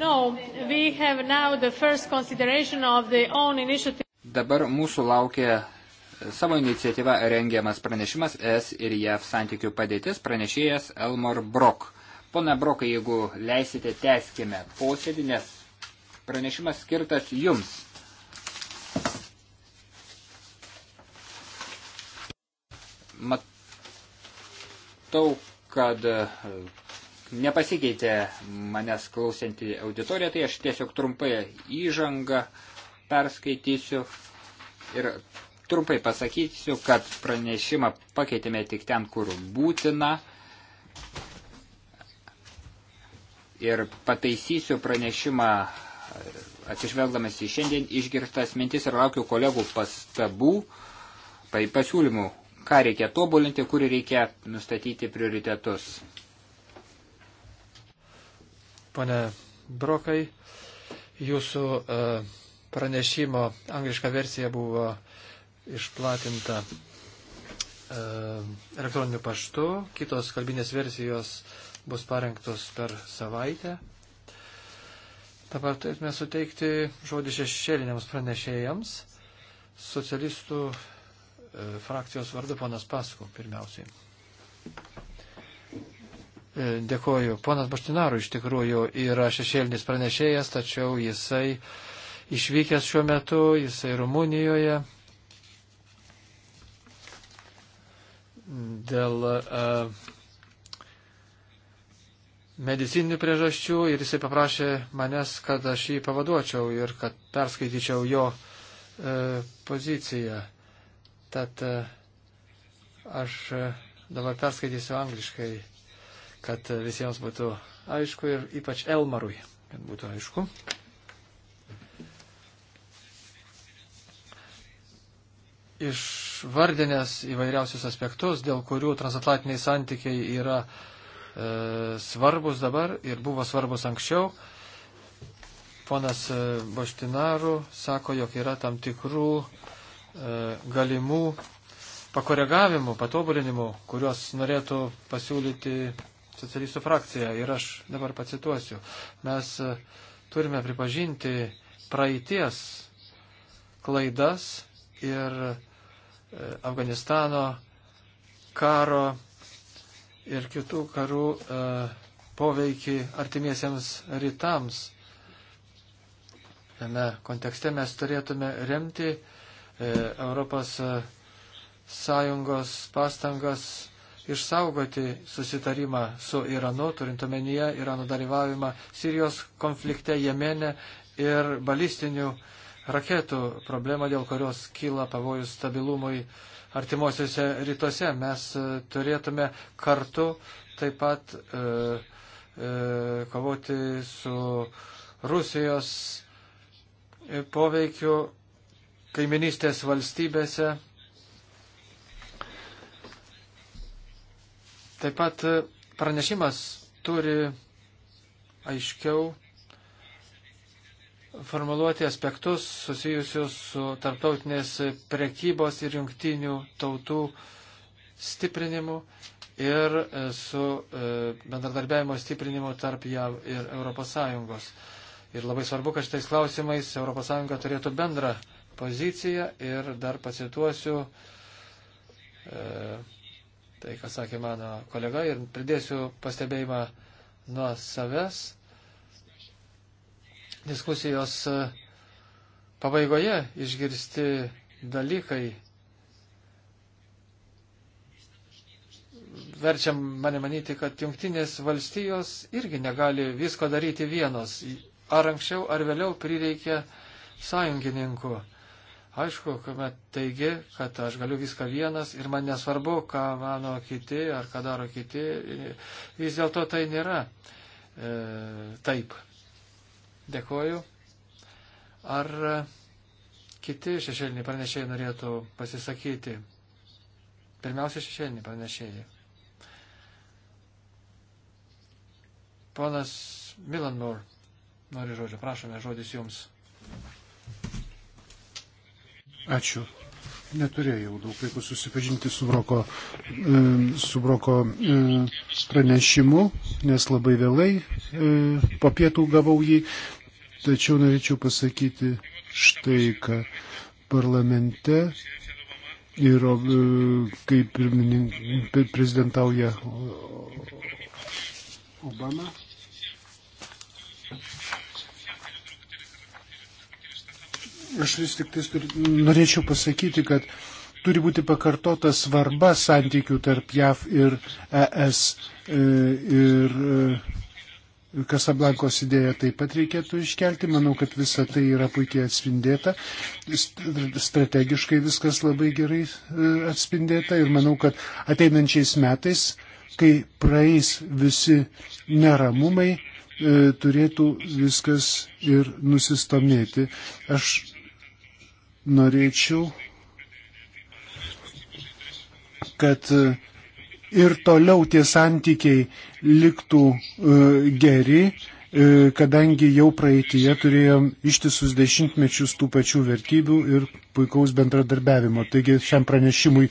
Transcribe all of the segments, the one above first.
No, we have now the first consideration of the own initiative. Dabar mūsų laukia e, savo iniciatyva rengiamas pranešimas ES ir JAV santykių padėtis pranešėjas Elmar Brok. Pone Brokai, jeigu leisite, teskime posėdį, nes pranešimas skirtas jums. Matau, kad e, nepasikeitė manęs klausianti auditorija, tai aš tiesiog trumpai įžangą perskaitysiu ir trumpai pasakysiu, kad pranešimą pakeitėme tik ten, kur būtina. Ir pataisysiu pranešimą atsižvelgdamas į šiandien išgirtas mintis ir laukiu kolegų pastabų, pasiūlymų, ką reikia tobulinti, kur reikia nustatyti prioritetus. Pone Brokai, jūsų e, pranešimo angliška versija buvo išplatinta e, elektroniniu paštu, kitos kalbinės versijos bus parengtos per savaitę. Dabar turėtume suteikti žodį šešėliniams pranešėjams. Socialistų e, frakcijos vardu ponas Pasku pirmiausiai. E, dėkoju. Ponas Baštinaru iš tikrųjų yra šešėlinis pranešėjas, tačiau jisai išvykęs šiuo metu, jisai Rumunijoje. Dėl uh, medicininių priežasčių ir jisai paprašė manęs, kad aš jį pavaduočiau ir kad perskaityčiau jo uh, poziciją. Tad uh, aš uh, dabar perskaitysiu angliškai kad visiems būtų aišku ir ypač Elmarui, kad būtų aišku. Išvardinės įvairiausius aspektus, dėl kurių transatlantiniai santykiai yra e, svarbus dabar ir buvo svarbus anksčiau, ponas e, Boštinaru sako, jog yra tam tikrų e, galimų pakoregavimų, patobulinimų, kuriuos norėtų pasiūlyti socialistų frakcija ir aš dabar pacituosiu. Mes e, turime pripažinti praeities klaidas ir e, Afganistano karo ir kitų karų e, poveikį artimiesiems rytams. Tame kontekste mes turėtume remti Europos Sąjungos pastangas išsaugoti susitarimą su Iranu, turint omenyje Irano dalyvavimą Sirijos konflikte Jemene ir balistinių raketų problemą, dėl kurios kyla pavojus stabilumui artimuosiuose rytuose. Mes e, turėtume kartu taip pat e, e, kovoti su Rusijos e, poveikiu kaiminystės valstybėse Taip pat e, pranešimas turi aiškiau formuluoti aspektus susijusius su tarptautinės prekybos ir jungtinių tautų stiprinimu ir e, su e, bendradarbiavimo stiprinimu tarp JAV ir ES. Ir labai svarbu, kad šitais klausimais ES turėtų bendrą poziciją ir dar pacituosiu e, tai, ką sakė mano kolega, ir pridėsiu pastebėjimą nuo savęs. Diskusijos e, pabaigoje išgirsti dalykai verčia mane manyti, kad jungtinės valstijos irgi negali visko daryti vienos. Ar anksčiau, ar vėliau prireikia sąjungininkų. Aišku, kuomet teigi, kad aš galiu viską vienas ir man nesvarbu, ką mano kiti ar ką daro kiti, vis dėlto tai nėra e, taip. Dėkoju. Ar e, kiti šešėliniai pranešėjai norėtų pasisakyti? Pirmiausia, šešėliniai pranešėjai. Ponas Milanmore nori žodžio, prašome, žodis jums. Ačiū. Neturėjau daug laiko susipažinti su broko, e, su broko e, pranešimu, nes labai vėlai e, po pietų gavau jį. Tačiau norėčiau pasakyti štai, kad parlamente ir kaip prezidentauja Obama. Aš vis tik tais turi, norėčiau pasakyti, kad turi būti pakartota svarba santykių tarp JAV ir ES. E, ir e, Kasablankos idėją taip pat reikėtų iškelti. Manau, kad visa tai yra puikiai atspindėta. Strategiškai viskas labai gerai e, atspindėta. Ir manau, kad ateinančiais metais, kai praeis visi neramumai, turėtų viskas ir nusistomėti. Aš norėčiau, kad e, ir toliau tie santykiai liktų e, geri, e, kadangi jau praeitie turėjom ištisus dešimtmečius tų pačių vertybių ir puikaus bendradarbiavimo. Taigi šiam pranešimui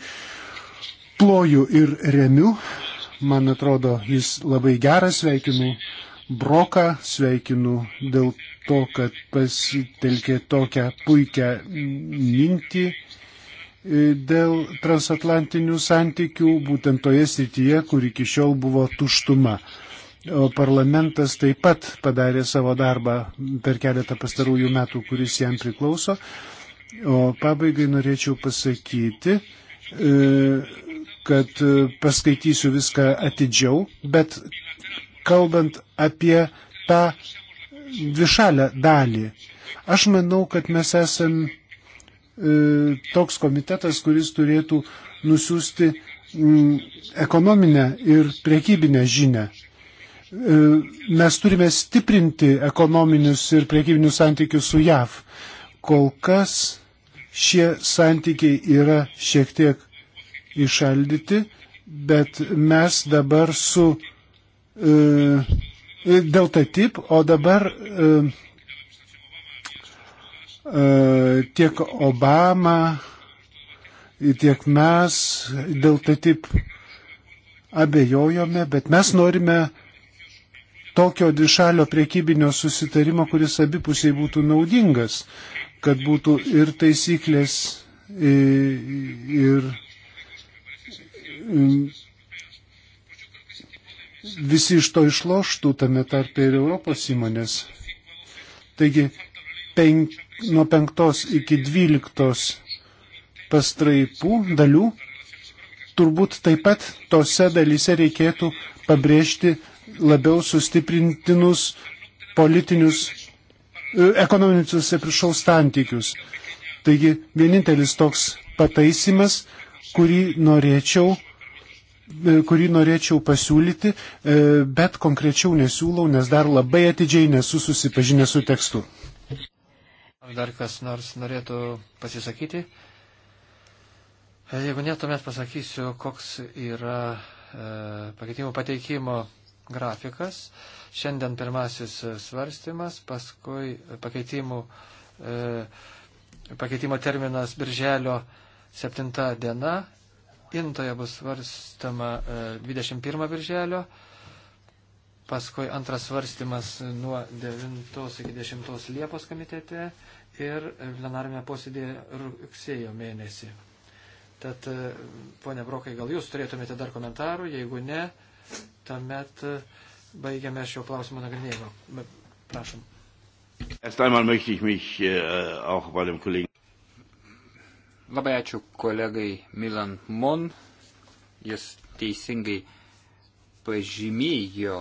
ploju ir remiu. Man atrodo, jis labai geras, sveikinu Broką, sveikinu dėl to, kad pasitelkė tokią puikią mintį e, dėl transatlantinių santykių, būtent toje srityje, kur iki šiol buvo tuštuma. O parlamentas taip pat padarė savo darbą per keletą pastarųjų metų, kuris jam priklauso. O pabaigai norėčiau pasakyti, e, kad e, paskaitysiu viską atidžiau, bet kalbant apie tą dvišalę dalį. Aš manau, kad mes esam e, toks komitetas, kuris turėtų nusiųsti m, mm, ekonominę ir priekybinę žinę. E, mes turime stiprinti ekonominius ir priekybinius santykius su JAV. Kol kas šie santykiai yra šiek tiek išaldyti, bet mes dabar su E, e, dėl tai tip, o dabar e, tiek Obama, tiek mes dėl tai taip abejojome, bet mes norime tokio dvišalio priekybinio susitarimo, kuris abipusiai būtų naudingas, kad būtų ir taisyklės, ir visi iš to išloštų, tame tarpe ir Europos įmonės. Taigi penk, nuo penktos iki dvyliktos pastraipų dalių turbūt taip pat tose dalyse reikėtų pabrėžti labiau sustiprintinus politinius, e, ekonominius, atsiprašau, santykius. Taigi vienintelis toks pataisimas, kurį norėčiau E, kurį norėčiau pasiūlyti, e, bet konkrečiau nesiūlau, nes dar labai atidžiai nesu susipažinęs su tekstu. Ar dar kas nors norėtų pasisakyti? E, jeigu ne, tuomet pasakysiu, koks yra e, pakeitimų pateikimo grafikas. Šiandien pirmasis svarstymas, paskui pakeitimų, e, pakeitimo terminas birželio 7 diena Intoje bus svarstama 21 e, birželio, paskui antras svarstymas nuo 9 iki 10 Liepos komitete ir plenarime posėdėje rugsėjo mėnesį. Tad, e, ponia Brokai, gal jūs turėtumėte dar komentarų, jeigu ne, tuomet e, baigiame šio klausimo nagrinėjimą. Prašom. Erst einmal möchte ich mich äh, auch bei dem Kollegen Labai ačiū kolegai Milan Mon. Jis teisingai pažymėjo,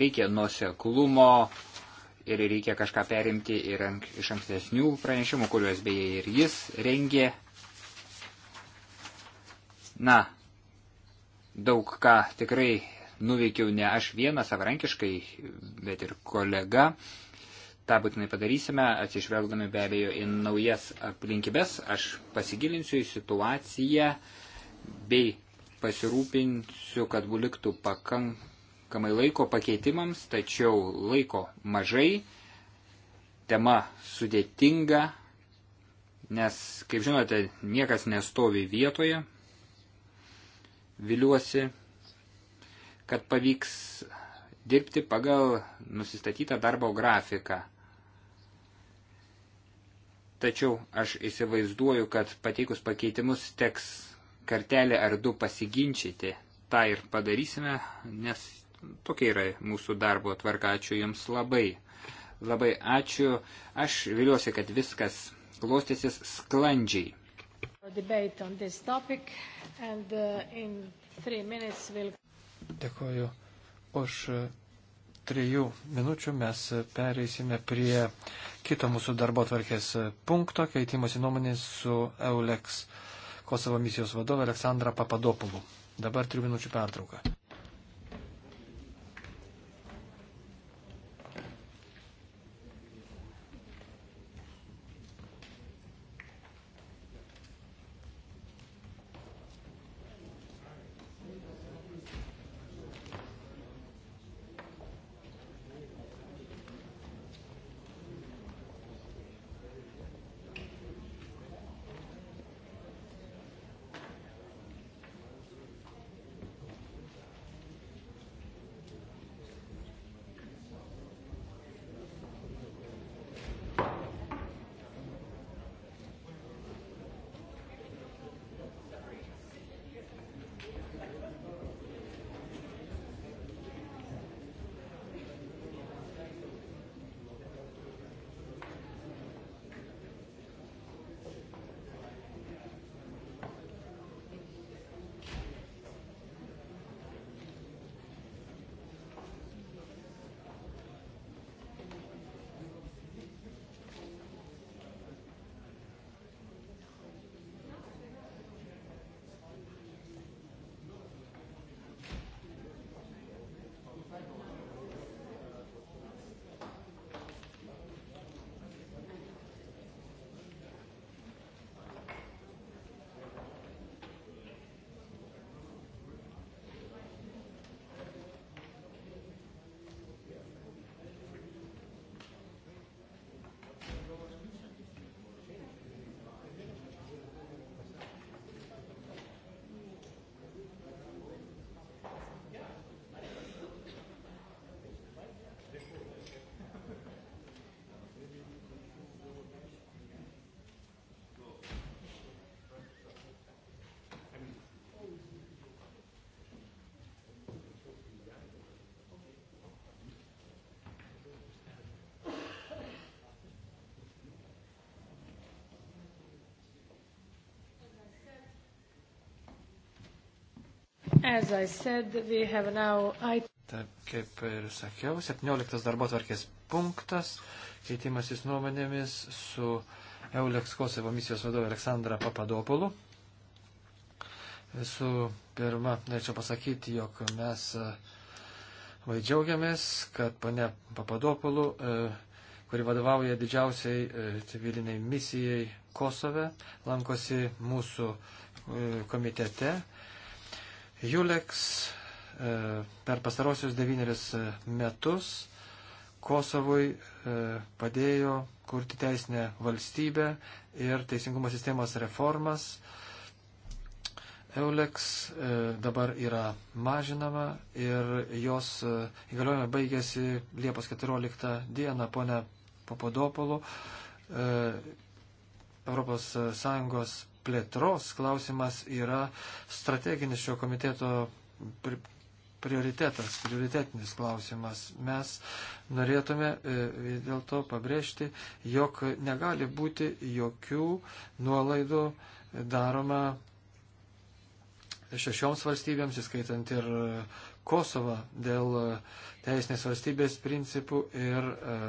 reikia nuoseklumo ir reikia kažką perimti ir iš ankstesnių pranešimų, kuriuos beje ir jis rengė. Na, daug ką tikrai nuveikiau ne aš vienas savarankiškai, bet ir kolega tą būtinai padarysime, atsižvelgdami be abejo į naujas aplinkybės. Aš pasigilinsiu į situaciją bei pasirūpinsiu, kad liktų pakankamai laiko pakeitimams, tačiau laiko mažai, tema sudėtinga, nes, kaip žinote, niekas nestovi vietoje. Viliuosi, kad pavyks dirbti pagal nusistatytą darbo grafiką. Tačiau aš įsivaizduoju, kad pateikus pakeitimus teks kartelį ar du pasiginčyti. Ta ir padarysime, nes tokia yra mūsų darbo tvarka. Ačiū Jums labai. Labai ačiū. Aš viliuosi, kad viskas klostysis sklandžiai. Uh, Dėkuoju už uh, trijų minučių mes pereisime prie kito mūsų darbo tvarkės punkto, keitimosi nuomonės su EULEX Kosovo misijos vadovė Aleksandra Papadopulu. Dabar trijų minučių pertrauka. Said, now... Taip, kaip ir sakiau, 17 darbo tvarkės punktas, keitimasis nuomonėmis su Euleks Kosovo misijos vadovė Aleksandra Papadopulu. Visų pirma, norėčiau pasakyti, jog mes e, labai džiaugiamės, kad pane Papadopulu, e, kuri vadovauja didžiausiai e, civiliniai misijai Kosove, lankosi mūsų komitete Juleks e, per pastarosius devynerius e, metus Kosovui e, padėjo kurti teisinę valstybę ir teisingumo sistemos reformas. Euleks dabar yra mažinama ir jos įgaliojimai baigėsi Liepos 14 dieną, ponia Papadopolų. Europos Sąjungos plėtros klausimas yra strateginis šio komiteto prioritetas, prioritetinis klausimas. Mes norėtume e, vis dėlto pabrėžti, jog negali būti jokių nuolaidų daroma šešioms valstybėms, įskaitant ir Kosovą, dėl teisinės valstybės principų ir e,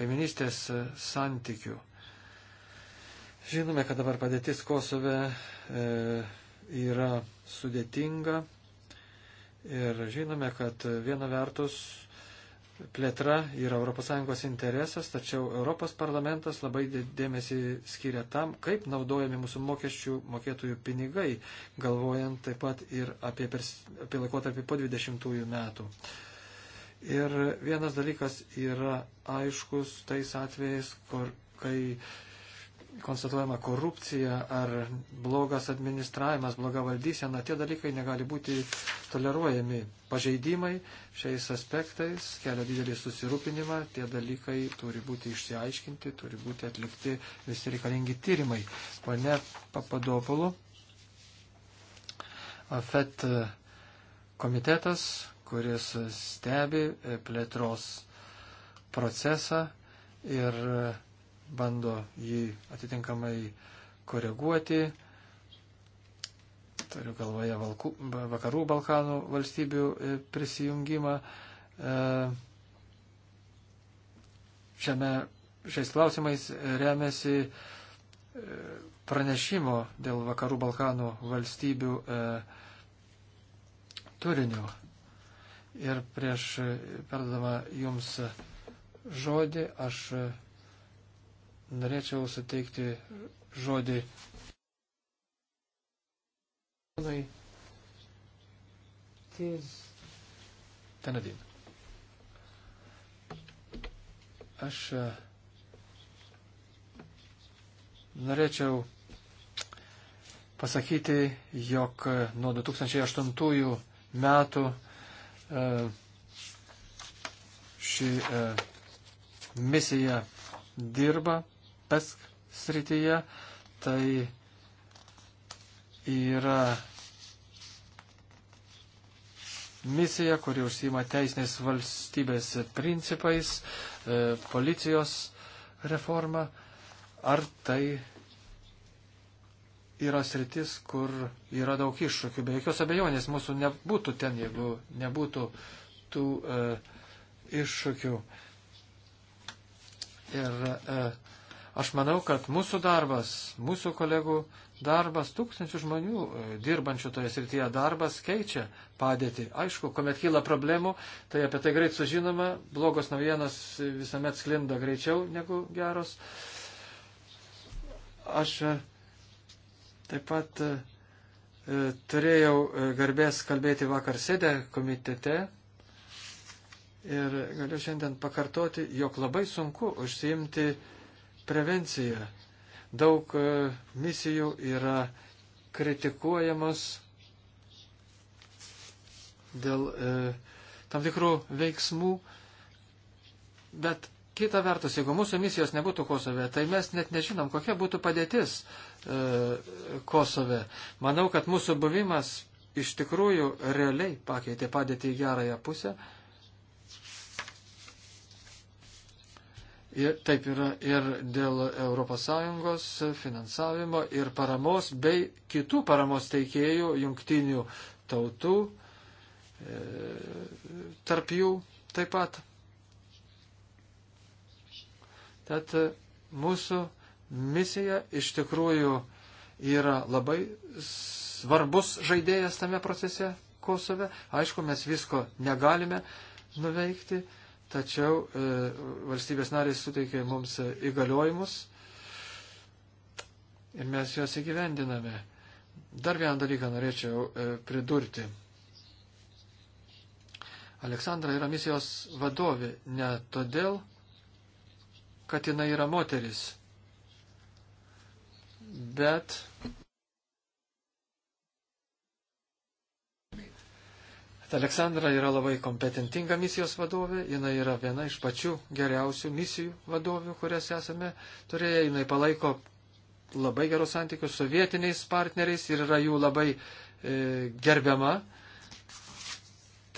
kaiminystės santykių. Žinome, kad dabar padėtis Kosove e, yra sudėtinga ir žinome, kad viena vertus plėtra yra ES interesas, tačiau Europos parlamentas labai dėmesį skiria tam, kaip naudojami mūsų mokesčių mokėtojų pinigai, galvojant taip pat ir apie, pers, apie laikotarpį po 20 metų. Ir vienas dalykas yra aiškus tais atvejais, kur, kai konstatuojama korupcija ar blogas administravimas, bloga valdysena, tie dalykai negali būti toleruojami. Pažeidimai šiais aspektais kelia didelį susirūpinimą, tie dalykai turi būti išsiaiškinti, turi būti atlikti visi reikalingi tyrimai. Pane Papadopulu, FET komitetas, kuris stebi plėtros procesą ir bando jį atitinkamai koreguoti. Turiu galvoje Valkų, vakarų Balkanų valstybių e, prisijungimą. E, šiame šiais klausimais remiasi e, pranešimo dėl vakarų Balkanų valstybių turiniu. Ir prieš perdama jums žodį aš Norėčiau suteikti žodį Jonai Tenadin. Aš e, norėčiau pasakyti, jog nuo 2008 metų e, ši e, misija dirba PESK srityje, tai yra misija, kuri užsima teisinės valstybės principais, e, policijos reforma. Ar tai yra sritis, kur yra daug iššūkių. Be jokios abejonės mūsų nebūtų ten, jeigu nebūtų tų e, iššūkių. Ir e, Aš manau, kad mūsų darbas, mūsų kolegų darbas, tūkstančių žmonių e, dirbančių toje srityje darbas keičia padėtį. Aišku, kuomet kyla problemų, tai apie tai greit sužinoma, blogos naujienos visuomet sklinda greičiau negu geros. Aš e, taip pat e, turėjau garbės kalbėti vakar sėdę komitete ir galiu šiandien pakartoti, jog labai sunku užsiimti prevencija. Daug e, misijų yra kritikuojamos dėl e, tam tikrų veiksmų, bet kita vertus, jeigu mūsų misijos nebūtų Kosove, tai mes net nežinom, kokia būtų padėtis e, Kosove. Manau, kad mūsų buvimas iš tikrųjų realiai pakeitė padėtį į gerąją pusę. E, Ir taip yra ir dėl ES finansavimo ir paramos bei kitų paramos teikėjų jungtinių tautų, e, tarp jų taip pat. Tad mūsų misija iš tikrųjų yra labai svarbus žaidėjas tame procese Kosove. Aišku, mes visko negalime nuveikti tačiau e, valstybės narės suteikė mums e, įgaliojimus ir mes juos įgyvendiname. Dar vieną dalyką norėčiau e, pridurti. Aleksandra yra misijos vadovė ne todėl, kad jinai yra moteris, bet Aleksandra yra labai kompetentinga misijos vadovė, jinai yra viena iš pačių geriausių misijų vadovių, kurias esame turėję, jinai palaiko labai gerus santykius su vietiniais partneriais ir yra jų labai e, gerbiama.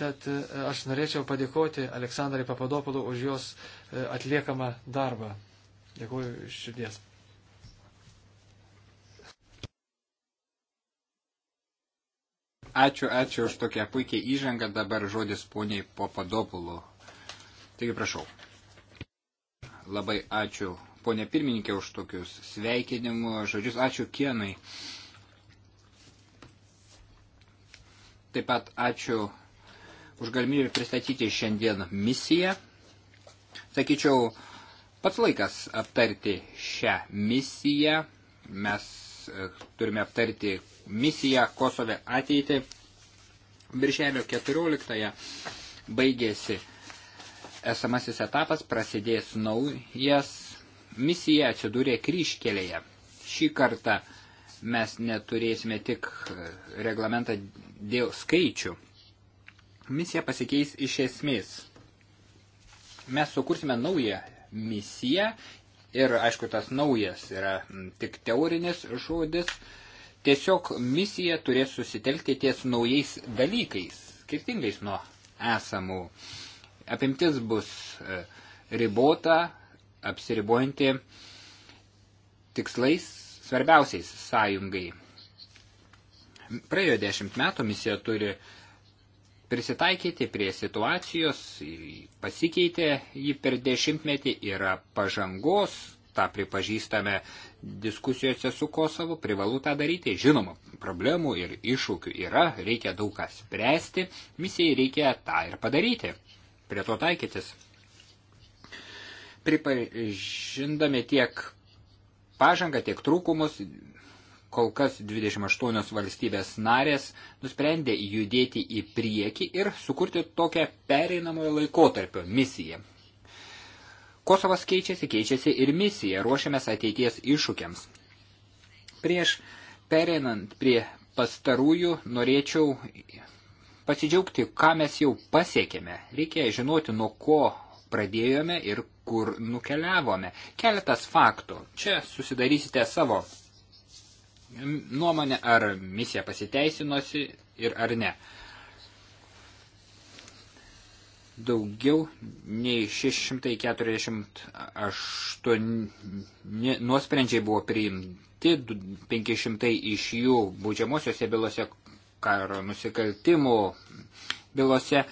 Tad e, aš norėčiau padėkoti Aleksandrai Papadopolų už jos e, atliekamą darbą. Dėkuoju iš širdies. Ačiū, ačiū už tokią puikiai įžangą. Dabar žodis poniai Papadopulo. Taigi prašau. Labai ačiū, ponė pirmininkė, už tokius sveikinimų žodžius. Ačiū Kienai. Taip pat ačiū už galimybę pristatyti šiandien misiją. Sakyčiau, pats laikas aptarti šią misiją. Mes e, turime aptarti, misiją Kosove ateitį. Birželio 14-ąją baigėsi esamasis etapas, prasidės naujas, misija atsidūrė kryškelėje. Šį kartą mes neturėsime tik reglamentą dėl skaičių. Misija pasikeis iš esmės. Mes sukursime naują misiją ir, aišku, tas naujas yra tik teorinis žodis, Tiesiog misija turės susitelkti ties naujais dalykais, skirtingais nuo esamų. Apimtis bus e, ribota, apsiribojanti tikslais svarbiausiais sąjungai. Praėjo dešimt metų misija turi prisitaikyti prie situacijos, pasikeitė jį per dešimtmetį, yra pažangos, tą pripažįstame diskusijose su Kosovu, privalu tą daryti. Žinoma, problemų ir iššūkių yra, reikia daug ką spręsti, misijai reikia tą ir padaryti, prie to taikytis. Pripažindami tiek pažangą, tiek trūkumus, kol kas 28 valstybės narės nusprendė judėti į priekį ir sukurti tokią pereinamojo laikotarpio misiją. Kosovas keičiasi, keičiasi ir misija, ruošiamės ateities iššūkiams. Prieš pereinant prie pastarųjų, norėčiau pasidžiaugti, ką mes jau pasiekėme. Reikia žinoti, nuo ko pradėjome ir kur nukeliavome. Keletas faktų. Čia susidarysite savo nuomonę, ar misija pasiteisinosi ir ar ne daugiau nei 648 nuosprendžiai buvo priimti, 500 iš jų būdžiamosiose bylose, karo nusikaltimų bylose.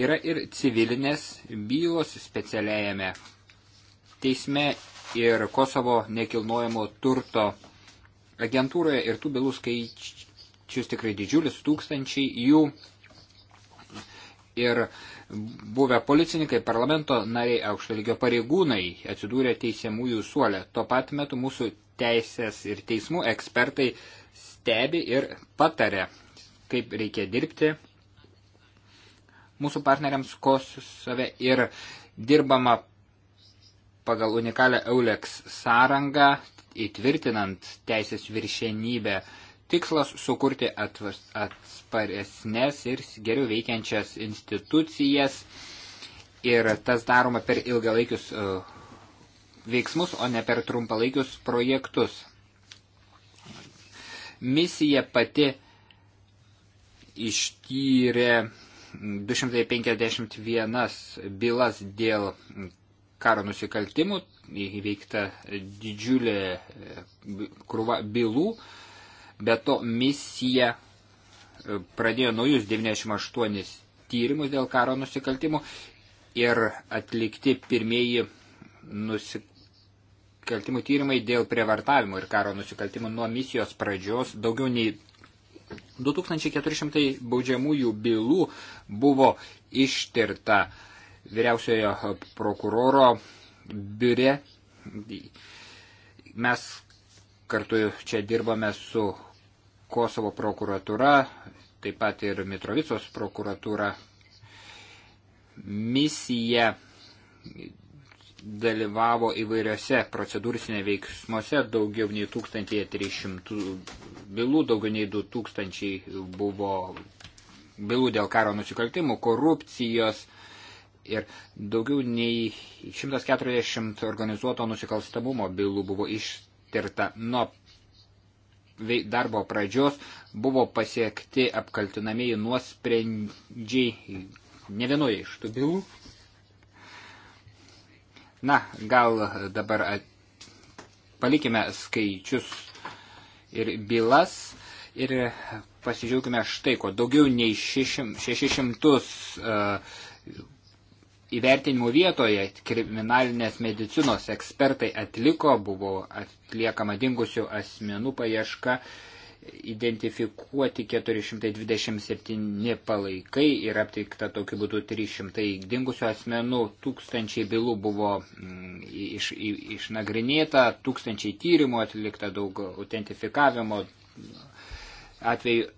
Yra ir civilinės bylos specialiajame teisme ir Kosovo nekilnojamo turto agentūroje ir tų bylų skaičius tikrai didžiulis, tūkstančiai jų ir buvę policininkai, parlamento nariai, aukšto lygio pareigūnai atsidūrė teisiamųjų suolę. Tuo pat metu mūsų teisės ir teismų ekspertai stebi ir patarė, kaip reikia dirbti mūsų partneriams Kosove ir dirbama pagal unikalią EULEX sąrangą, įtvirtinant teisės viršenybę Tikslas sukurti atsparesnės ir geriau veikiančias institucijas ir tas daroma per ilgalaikius e, veiksmus, o ne per trumpalaikius projektus. Misija pati ištyrė 251 bylas dėl karo nusikaltimų, įveikta didžiulė e, krūva bylų, Bet to misija e, pradėjo naujus 98 tyrimus dėl karo nusikaltimų ir atlikti pirmieji nusikaltimų tyrimai dėl prievartavimo ir karo nusikaltimų nuo misijos pradžios daugiau nei 2400 baudžiamųjų bylų buvo ištirta vyriausiojo prokuroro biure. Mes kartu čia dirbame su Kosovo prokuratūra, taip pat ir Mitrovicos prokuratūra. Misija dalyvavo įvairiose procedūrinėse veiksmuose, daugiau nei 1300 bylų, daugiau nei 2000 buvo bylų dėl karo nusikaltimų, korupcijos ir daugiau nei 140 organizuoto nusikalstamumo bylų buvo ištirta nuo darbo pradžios buvo pasiekti apkaltinamieji nuosprendžiai ne vienoje iš tų bylų. Na, gal dabar at... palikime skaičius ir bylas ir pasidžiaugime štai ko. Daugiau nei 600 uh, įvertinimo vietoje kriminalinės medicinos ekspertai atliko, buvo atliekama dingusių asmenų paieška, identifikuoti 427 palaikai ir aptikta tokiu būdu 300 dingusių asmenų, tūkstančiai bylų buvo mm, iš, išnagrinėta, tūkstančiai tyrimų atlikta, daug autentifikavimo atveju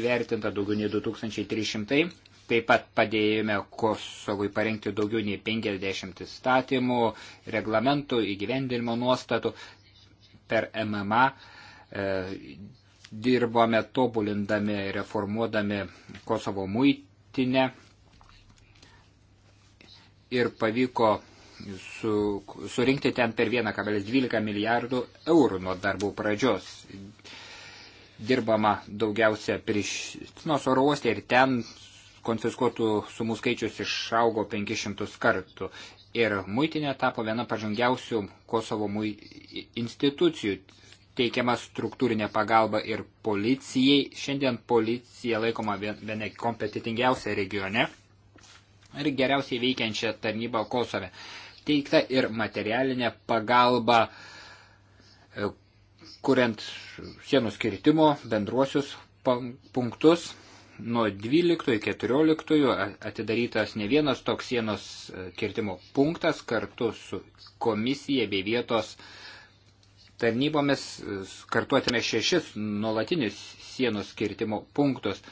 įvertinta daugiau nei 2300 Taip pat padėjome Kosovui parengti daugiau nei 50 įstatymų, reglamentų, įgyvendinimo nuostatų per MMA. E, dirbome tobulindami, reformuodami Kosovo muitinę ir pavyko su, surinkti ten per 1,12 milijardų eurų nuo darbų pradžios dirbama daugiausia Prištinos oro uoste ir ten konfiskuotų sumų skaičius išaugo 500 kartų. Ir muitinė tapo viena pažangiausių Kosovo institucijų. Teikiama struktūrinė pagalba ir policijai. Šiandien policija laikoma viena kompetitingiausia regione ir geriausiai veikiančia tarnyba Kosove. Teikta ir materialinė pagalba, e, kuriant sienų skirtimo bendruosius punktus nuo 12 iki 14 atidarytas ne vienas toks sienos e, kirtimo punktas kartu su komisija bei vietos tarnybomis e, kartuotėme šešis nuolatinius sienos kirtimo punktus.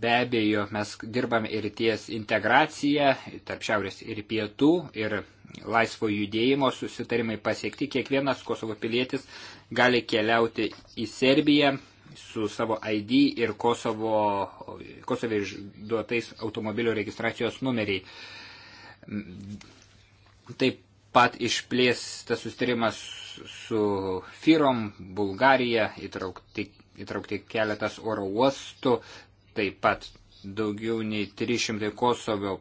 Be abejo, mes dirbame ir ties integracija tarp šiaurės ir pietų ir laisvo judėjimo susitarimai pasiekti. Kiekvienas Kosovo pilietis gali keliauti į Serbiją su savo ID ir Kosovo, Kosovo išduotais automobilio registracijos numeriai. Taip pat išplėstas sustarimas su Firom, Bulgarija, įtraukti, įtraukti keletas oro uostų, taip pat daugiau nei 300 Kosovo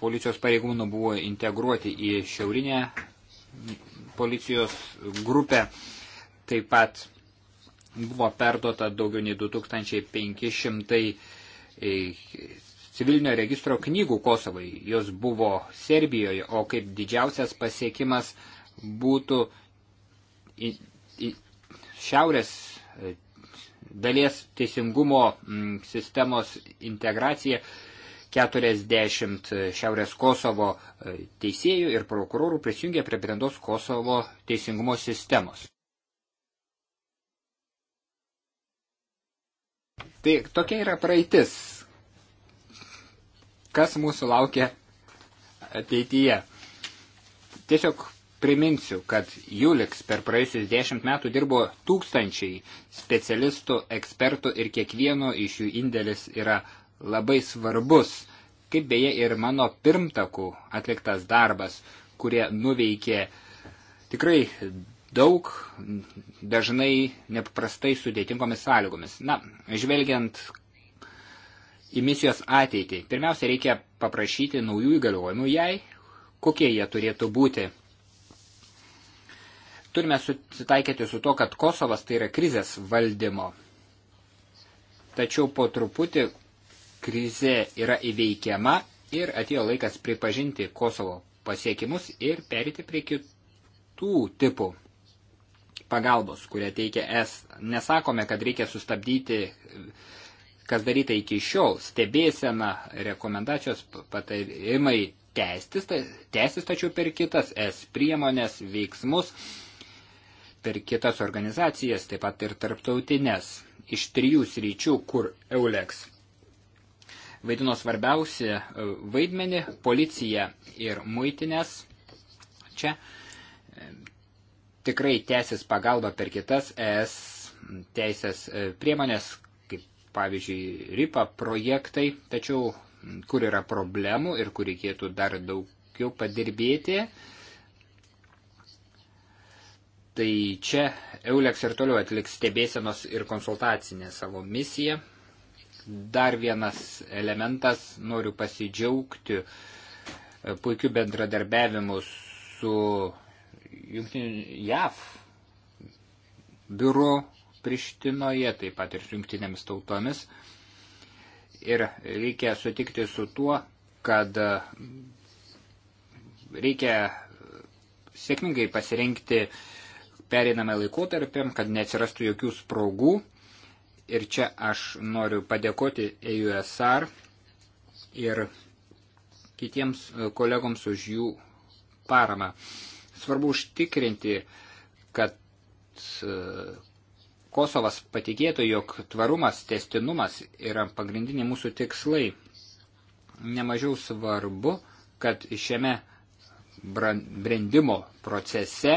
policijos pareigūnų buvo integruoti į šiaurinę policijos grupę. Taip pat Buvo perduota daugiau nei 2500 e, civilinio registro knygų Kosovai. Jos buvo Serbijoje, o kaip didžiausias pasiekimas būtų į, į šiaurės e, dalies teisingumo sistemos integracija 40 e, Šiaurės Kosovo teisėjų ir prokurorų prisijungė prie brendos Kosovo teisingumo sistemos. Tai tokia yra praeitis. Kas mūsų laukia ateityje? Tiesiog priminsiu, kad Juliks per praėjusius dešimt metų dirbo tūkstančiai specialistų, ekspertų ir kiekvieno iš jų indėlis yra labai svarbus, kaip beje ir mano pirmtakų atliktas darbas, kurie nuveikė tikrai daug, dažnai nepaprastai sudėtingomis sąlygomis. Na, žvelgiant į misijos ateitį, pirmiausia, reikia paprašyti naujų įgaliojimų jai, kokie jie turėtų būti. Turime susitaikyti su to, kad Kosovas tai yra krizės valdymo. Tačiau po truputį krizė yra įveikiama ir atėjo laikas pripažinti Kosovo pasiekimus ir perėti prie kitų tipų pagalbos, kurią teikia S. Nesakome, kad reikia sustabdyti, kas daryta iki šiol, stebėsena, rekomendacijos, patarimai tęstis, tęstis tačiau per kitas S priemonės, veiksmus, per kitas organizacijas, taip pat ir tarptautinės. Iš trijų sryčių, kur Euleks vaidino svarbiausi e, vaidmenį, policija ir muitinės čia tikrai tęsis pagalba per kitas ES teisės e, priemonės, kaip pavyzdžiui RIPA projektai, tačiau kur yra problemų ir kur reikėtų dar daugiau padirbėti, tai čia Euleks ir toliau atliks stebėsenos ir konsultacinę savo misiją. Dar vienas elementas, noriu pasidžiaugti e, puikiu bendradarbiavimu su jungtinių JAV biuro Prištinoje, taip pat ir su jungtinėmis tautomis. Ir reikia sutikti su tuo, kad e, reikia sėkmingai pasirinkti pereinamą laikotarpį, kad neatsirastų jokių sprogų. Ir čia aš noriu padėkoti EUSR ir kitiems e, kolegoms už jų paramą. Svarbu užtikrinti, kad e, Kosovas patikėtų, jog tvarumas, testinumas yra pagrindiniai mūsų tikslai. Nemažiau svarbu, kad šiame brandimo procese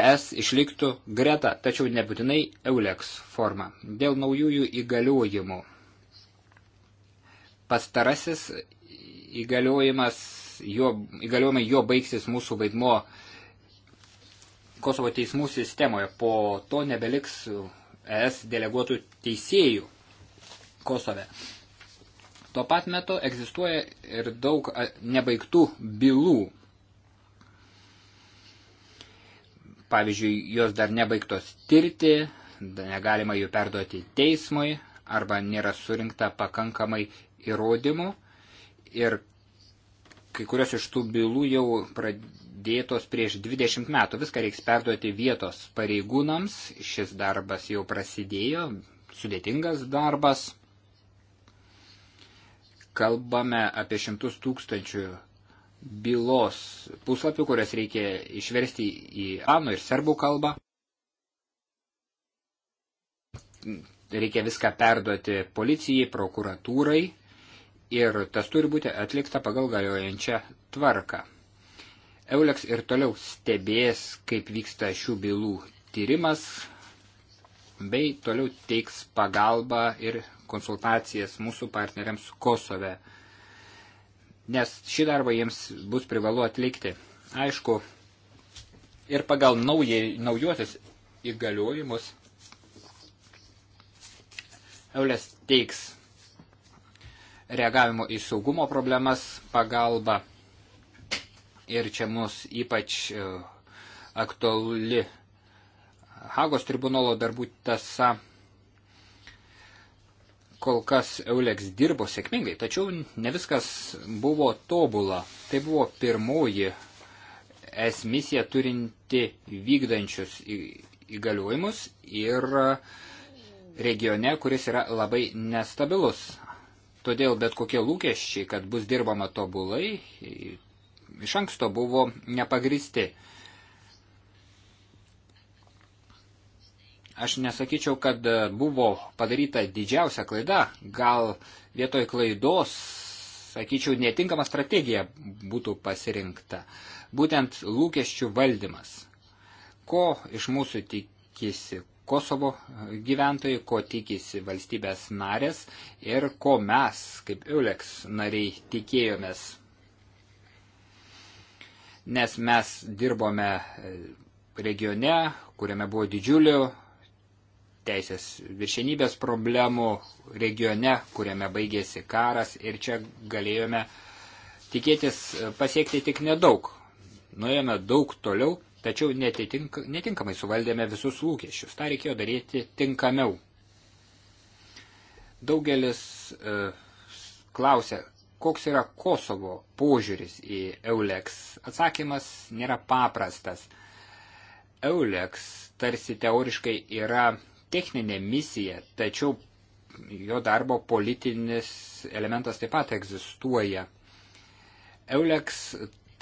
ES išliktų greta, tačiau nebūtinai EULEX forma. Dėl naujųjų įgaliojimų. Pastarasis įgaliojimas jo, įgaliojimai jo baigsis mūsų vaidmo Kosovo teismų sistemoje. Po to nebeliks ES deleguotų teisėjų Kosove. Tuo pat metu egzistuoja ir daug nebaigtų bylų. Pavyzdžiui, jos dar nebaigtos tirti, negalima jų perduoti teismui, arba nėra surinkta pakankamai įrodymų ir kai kurios iš tų bylų jau pradėtos prieš 20 metų. Viską reiks perduoti vietos pareigūnams. Šis darbas jau prasidėjo, sudėtingas darbas. Kalbame apie šimtus tūkstančių bylos puslapių, kurias reikia išversti į anų ir serbų kalbą. Reikia viską perduoti policijai, prokuratūrai, ir tas turi būti atlikta pagal galiojančią tvarką. Euleks ir toliau stebės, kaip vyksta šių bylų tyrimas, bei toliau teiks pagalbą ir konsultacijas mūsų partneriams Kosove, nes šį darbą jiems bus privalu atlikti. Aišku, ir pagal naujai, naujuosius įgaliojimus Eulės teiks reagavimo į saugumo problemas pagalba. Ir čia mus ypač e, aktuali Hagos tribunolo darbų tasa. Kol kas Euleks dirbo sėkmingai, tačiau ne viskas buvo tobula. Tai buvo pirmoji es misija turinti vykdančius įgaliojimus ir regione, kuris yra labai nestabilus. Todėl bet kokie lūkesčiai, kad bus dirbama tobulai, iš anksto buvo nepagristi. Aš nesakyčiau, kad buvo padaryta didžiausia klaida, gal vietoj klaidos, sakyčiau, netinkama strategija būtų pasirinkta. Būtent lūkesčių valdymas. Ko iš mūsų tikisi, Kosovo gyventojai, ko tikisi valstybės narės ir ko mes, kaip EULEX nariai, tikėjomės. Nes mes dirbome e, regione, kuriame buvo didžiulių teisės viršenybės problemų, regione, kuriame baigėsi karas ir čia galėjome tikėtis e, pasiekti tik nedaug. Nuėjome daug toliau tačiau netitink, netinkamai suvaldėme visus lūkesčius. Ta reikėjo daryti tinkamiau. Daugelis e, klausia, koks yra Kosovo požiūris į Eulex. Atsakymas nėra paprastas. Eulex tarsi teoriškai yra techninė misija, tačiau jo darbo politinis elementas taip pat egzistuoja. Eulex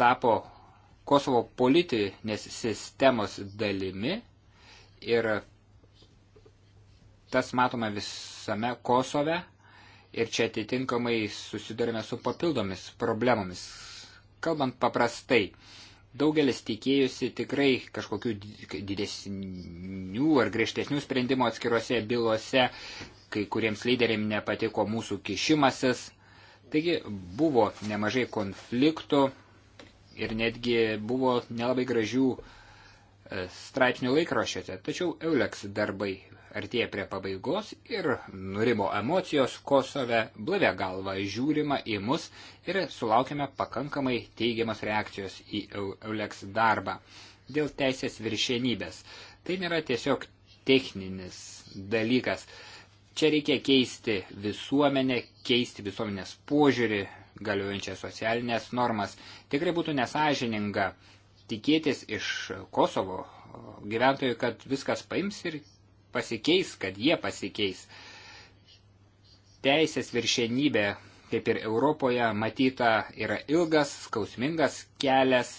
tapo Kosovo politinės sistemos dalimi ir tas matoma visame Kosove ir čia atitinkamai susidurime su papildomis problemomis. Kalbant paprastai, daugelis tikėjusi tikrai kažkokių didesnių ar griežtesnių sprendimų atskiruose bylose, kai kuriems lyderiam nepatiko mūsų kišimasis. Taigi buvo nemažai konfliktų, ir netgi buvo nelabai gražių e, straipsnių laikrašiuose. Tačiau Euleks darbai artėja prie pabaigos ir nurimo emocijos Kosove, blavę galva žiūrima į mus ir sulaukime pakankamai teigiamas reakcijos į Euleks darbą dėl teisės viršienybės. Tai nėra tiesiog techninis dalykas. Čia reikia keisti visuomenę, keisti visuomenės požiūrį, galiojančias socialinės normas. Tikrai būtų nesažininga tikėtis iš Kosovo gyventojų, kad viskas paims ir pasikeis, kad jie pasikeis. Teisės viršenybė, kaip ir Europoje, matyta yra ilgas, skausmingas kelias,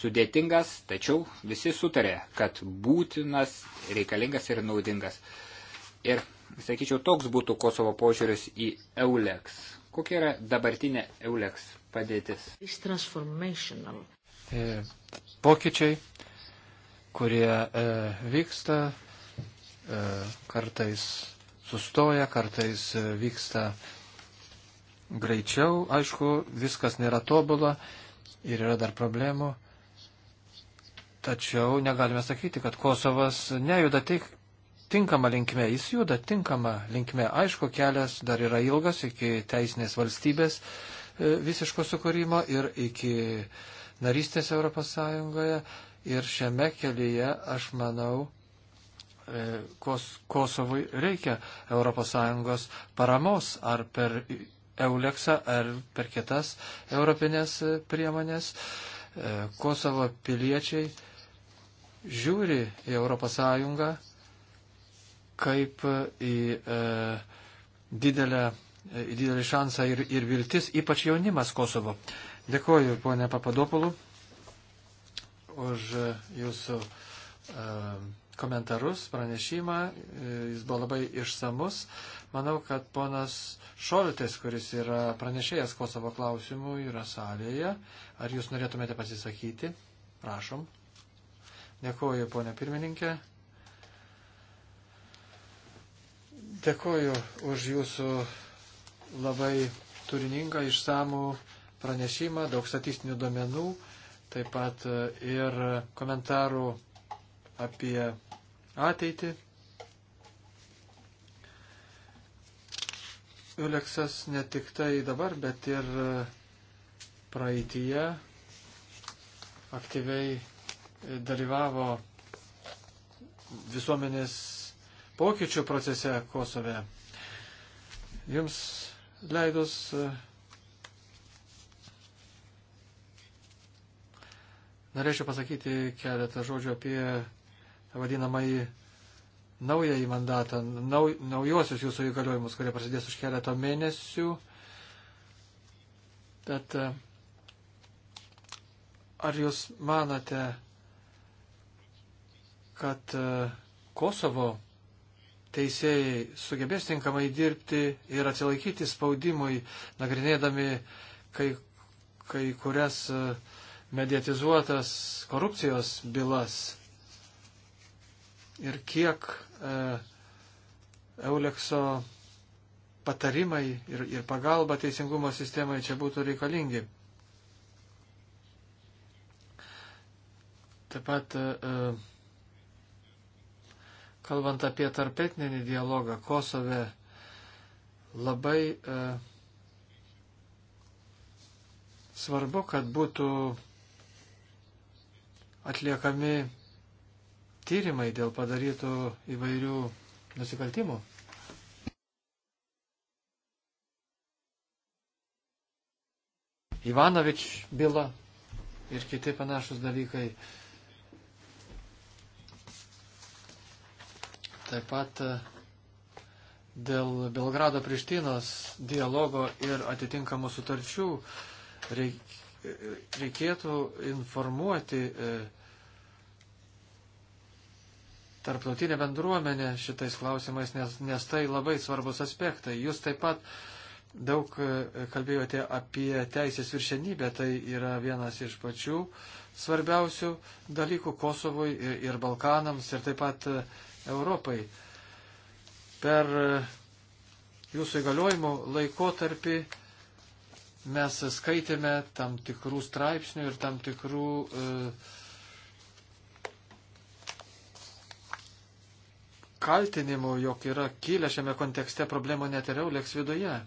sudėtingas, tačiau visi sutarė, kad būtinas, reikalingas ir naudingas. Ir, sakyčiau, toks būtų Kosovo požiūris į Euleks. Kokia yra dabartinė EULEX padėtis? E, pokyčiai, kurie e, vyksta, e, kartais sustoja, kartais e, vyksta greičiau. Aišku, viskas nėra tobula ir yra dar problemų. Tačiau negalime sakyti, kad Kosovas nejuda tik tinkama linkme, jis juda tinkama linkme. Aišku, kelias dar yra ilgas iki teisinės valstybės e, visiško sukūrimo ir iki narystės Europos Sąjungoje. Ir šiame kelyje, aš manau, e, Kos, Kosovui reikia Europos Sąjungos paramos ar per Euleksą, ar per kitas europinės e, priemonės. Kosovo piliečiai žiūri į Europos Sąjungą kaip į e, didelę, e, į didelį šansą ir, ir viltis, ypač jaunimas Kosovo. Dėkuoju, ponė Papadopulų, už e, jūsų e, komentarus, pranešimą. E, jis buvo labai išsamus. Manau, kad ponas Šoltis, kuris yra pranešėjas Kosovo klausimų, yra salėje. Ar jūs norėtumėte pasisakyti? Prašom. Dėkuoju, ponė pirmininkė. Dėkoju už jūsų labai turiningą išsamų pranešimą, daug statistinių duomenų, taip pat e, ir komentarų apie ateitį. Uleksas ne tik tai dabar, bet ir praeitie aktyviai dalyvavo visuomenės pokyčių procese Kosove. Jums leidus e, norėčiau pasakyti keletą žodžių apie vadinamąjį naująjį mandatą, nau, naujosius jūsų įgaliojimus, kurie prasidės už keletą mėnesių. Bet e, ar jūs manote, kad e, Kosovo teisėjai sugebės tinkamai dirbti ir atsilaikyti spaudimui, nagrinėdami kai, kai kurias e, mediatizuotas korupcijos bylas. Ir kiek e, Eulekso patarimai ir, ir pagalba teisingumo sistemai čia būtų reikalingi. Taip pat e, e Kalbant apie tarpetninį dialogą Kosove, labai e, svarbu, kad būtų atliekami tyrimai dėl padarytų įvairių nusikaltimų. Ivanovič byla ir kiti panašus dalykai. Taip pat e, dėl Belgrado Prištinos dialogo ir atitinkamų sutarčių e, reikėtų informuoti e, tarptautinę bendruomenę šitais klausimais, nes, nes tai labai svarbus aspektai. Jūs taip pat daug kalbėjote apie teisės viršenybę, tai yra vienas iš pačių svarbiausių dalykų Kosovui ir, ir Balkanams ir taip pat Europai. Per jūsų įgaliojimo laikotarpį mes skaitėme tam tikrų straipsnių ir tam tikrų e, kaltinimų, jog yra kilę šiame kontekste problemų net ir Euleks viduje.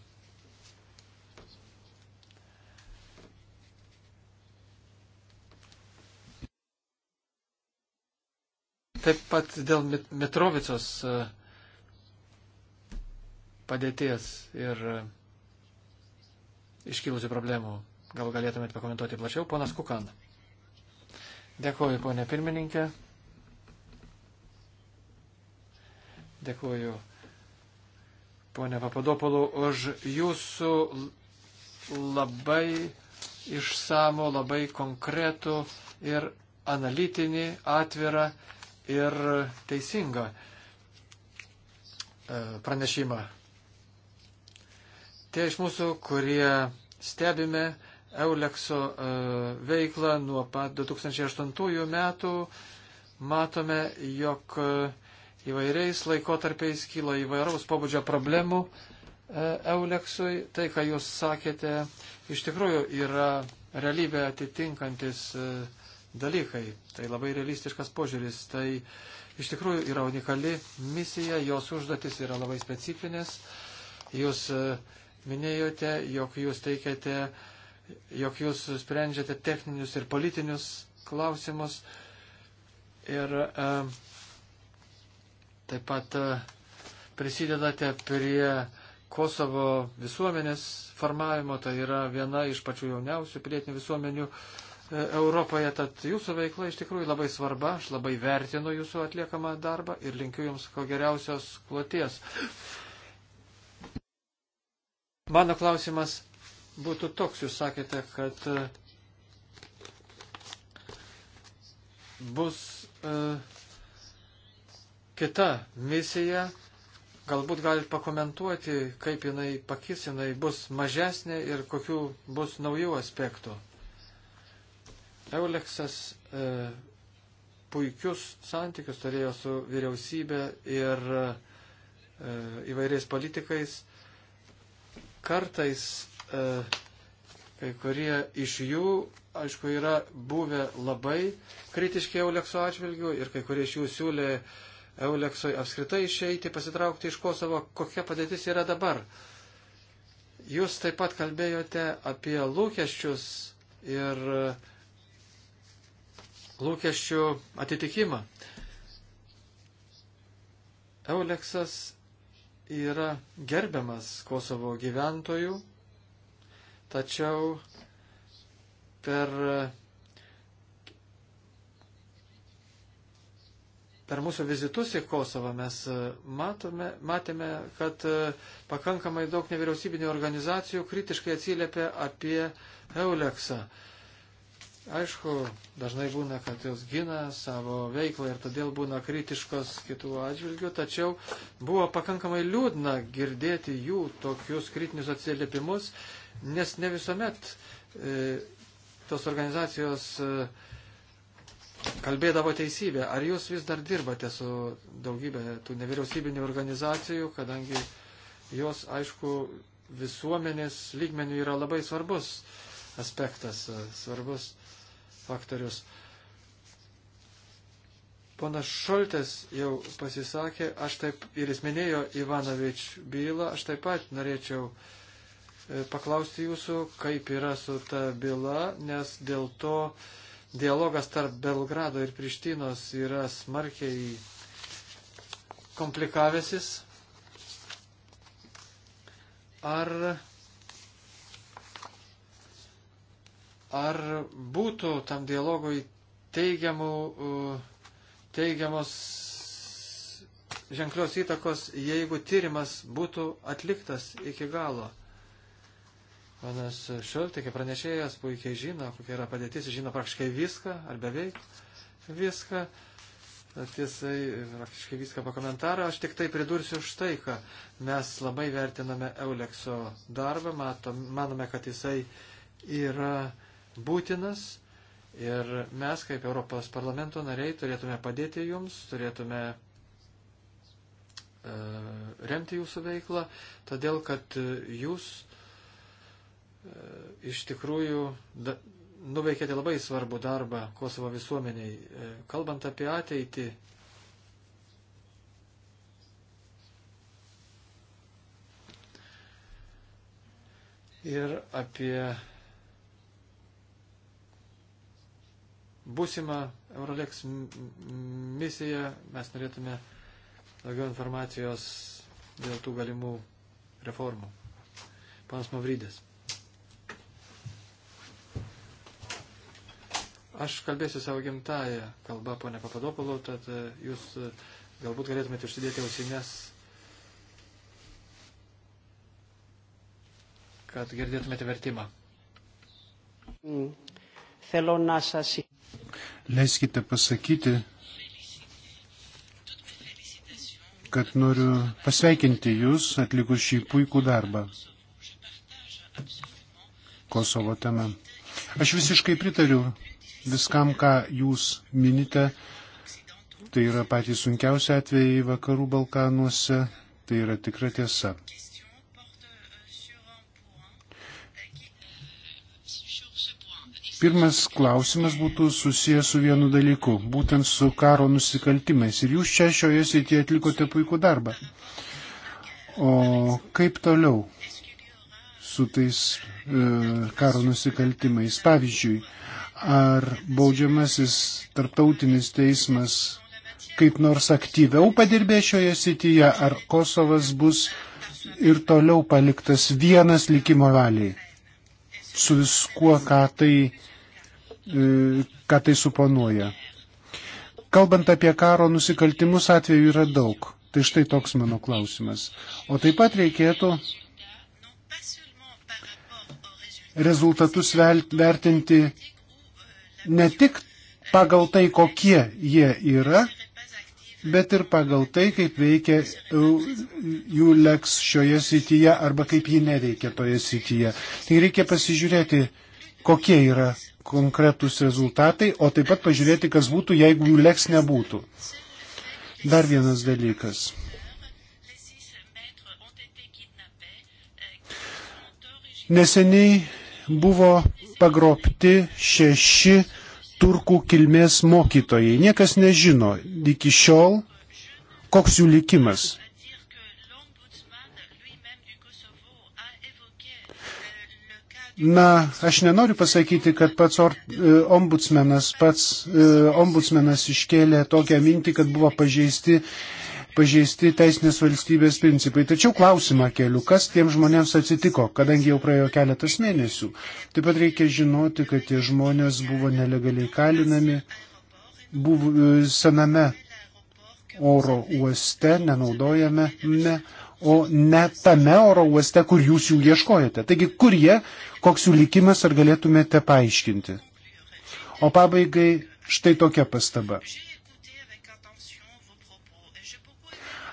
Taip pat dėl Mitrovicos e, padėties ir e, iškilusių problemų. Gal galėtumėte pakomentuoti plačiau, ponas Kukan. Dėkuoju, ponė pirmininkė. Dėkuoju, ponė Papadopolų, už jūsų labai išsamų, labai konkretų ir analitinį, atvirą ir teisingą e, pranešimą. Tie iš mūsų, kurie stebime Eulekso e, veiklą nuo pat 2008 metų, matome, jog e, įvairiais laikotarpiais kyla įvairaus pobūdžio problemų Euleksui. Tai, ką jūs sakėte, iš tikrųjų yra realybė atitinkantis uh, dalykai. Tai labai realistiškas požiūris. Tai iš tikrųjų yra unikali misija, jos užduotis yra labai specifinės. Jūs e, minėjote, jog jūs teikiate, jog jūs sprendžiate techninius ir politinius klausimus. Ir e, taip pat e, prisidedate prie Kosovo visuomenės formavimo, tai yra viena iš pačių jauniausių pilietinių visuomenių E, Europoje, tad jūsų veikla iš tikrųjų labai svarba, aš labai vertinu jūsų atliekamą darbą ir linkiu jums ko geriausios kloties. Mano klausimas būtų toks, jūs sakėte, kad e, bus uh, kita misija, galbūt galite pakomentuoti, kaip jinai pakis, jinai bus mažesnė ir kokių bus naujų aspektų. Euleksas e, puikius santykius turėjo su vyriausybė ir e, įvairiais politikais. Kartais e, kai kurie iš jų, aišku, yra buvę labai kritiški Eulekso atžvilgių ir kai kurie iš jų siūlė Euleksoj apskritai išeiti, pasitraukti iš Kosovo, kokia padėtis yra dabar. Jūs taip pat kalbėjote apie lūkesčius ir uh, lūkesčių atitikimą. Euleksas yra gerbiamas Kosovo gyventojų, tačiau per, per mūsų vizitus į Kosovą mes matome, matėme, kad pakankamai daug nevyriausybinio organizacijų kritiškai atsiliepia apie Euleksą. Aišku, dažnai būna, kad jos gina savo veiklą ir todėl būna kritiškos kitų atžvilgių, tačiau buvo pakankamai liūdna girdėti jų tokius kritinius atsiliepimus, nes ne visuomet e, tos organizacijos e, kalbėdavo teisybę. Ar jūs vis dar dirbate su daugybė tų nevyriausybinių organizacijų, kadangi jos, aišku, visuomenės lygmenių yra labai svarbus aspektas, e, svarbus faktorius. Ponas Šoltas jau pasisakė, aš taip ir jis minėjo Ivanovič bylą, aš taip pat norėčiau e, paklausti jūsų, kaip yra su ta byla, nes dėl to dialogas tarp Belgrado ir Prištinos yra smarkiai komplikavęsis. Ar ar būtų tam dialogui teigiamų, uh, teigiamos ženklios įtakos, jeigu tyrimas būtų atliktas iki galo. Manas Šiltikė pranešėjas puikiai žino, kokia yra padėtis, žino praktiškai viską, ar beveik viską. Tiesai, praktiškai viską pakomentarą. Aš tik tai pridursiu štai, ką mes labai vertiname Eulekso darbą, matom, manome, kad jisai yra būtinas ir mes kaip Europos parlamento nariai turėtume padėti jums, turėtume e, remti jūsų veiklą, todėl kad jūs e, iš tikrųjų da, nuveikėte labai svarbų darbą Kosovo visuomeniai. E, kalbant apie ateitį, ir apie būsimą Eurolex misiją. Mes norėtume daugiau informacijos dėl tų galimų reformų. Panas Mavrydės. Aš kalbėsiu savo gimtają kalbą, ponė Papadopolo, tad e, jūs e, galbūt galėtumėte užsidėti ausinės, kad girdėtumėte vertimą. Mm. Θέλω να σας Leiskite pasakyti, kad noriu pasveikinti Jūs atlikus šį puikų darbą Kosovo tema. Aš visiškai pritariu viskam, ką Jūs minite. Tai yra patys sunkiausi atvejai vakarų Balkanuose, tai yra tikra tiesa. Pirmas klausimas būtų susijęs su vienu dalyku, būtent su karo nusikaltimais. Ir jūs čia šioje srityje atlikote puikų darbą. O kaip toliau su tais e, karo nusikaltimais? Pavyzdžiui, ar baudžiamasis tarptautinis teismas kaip nors aktyviau padirbė šioje srityje, ar Kosovas bus ir toliau paliktas vienas likimo valiai su viskuo, ką tai E, ką tai suponuoja. Kalbant apie karo nusikaltimus atveju yra daug. Tai štai toks mano klausimas. O taip pat reikėtų rezultatus vertinti ne tik pagal tai, kokie jie yra, bet ir pagal tai, kaip veikia jų leks šioje srityje arba kaip ji neveikia toje srityje. Tai reikia pasižiūrėti, kokie yra konkretūs rezultatai, o taip pat pažiūrėti, kas būtų, jeigu jų leks nebūtų. Dar vienas dalykas. Neseniai buvo pagrobti šeši turkų kilmės mokytojai. Niekas nežino iki šiol, koks jų likimas. Na, aš nenoriu pasakyti, kad pats or, e, ombudsmenas, pats e, ombudsmenas iškėlė tokią mintį, kad buvo pažeisti, pažeisti teisinės valstybės principai. Tačiau klausimą keliu, kas tiem žmonėms atsitiko, kadangi jau praėjo keletas mėnesių. Taip pat reikia žinoti, kad tie žmonės buvo nelegaliai kalinami, buvo e, sename oro uoste, nenaudojame, ne, o ne tame oro uoste, kur jūs jų ieškojate. Taigi, kur jie, Koks jų likimas ar galėtumėte paaiškinti? O pabaigai štai tokia pastaba.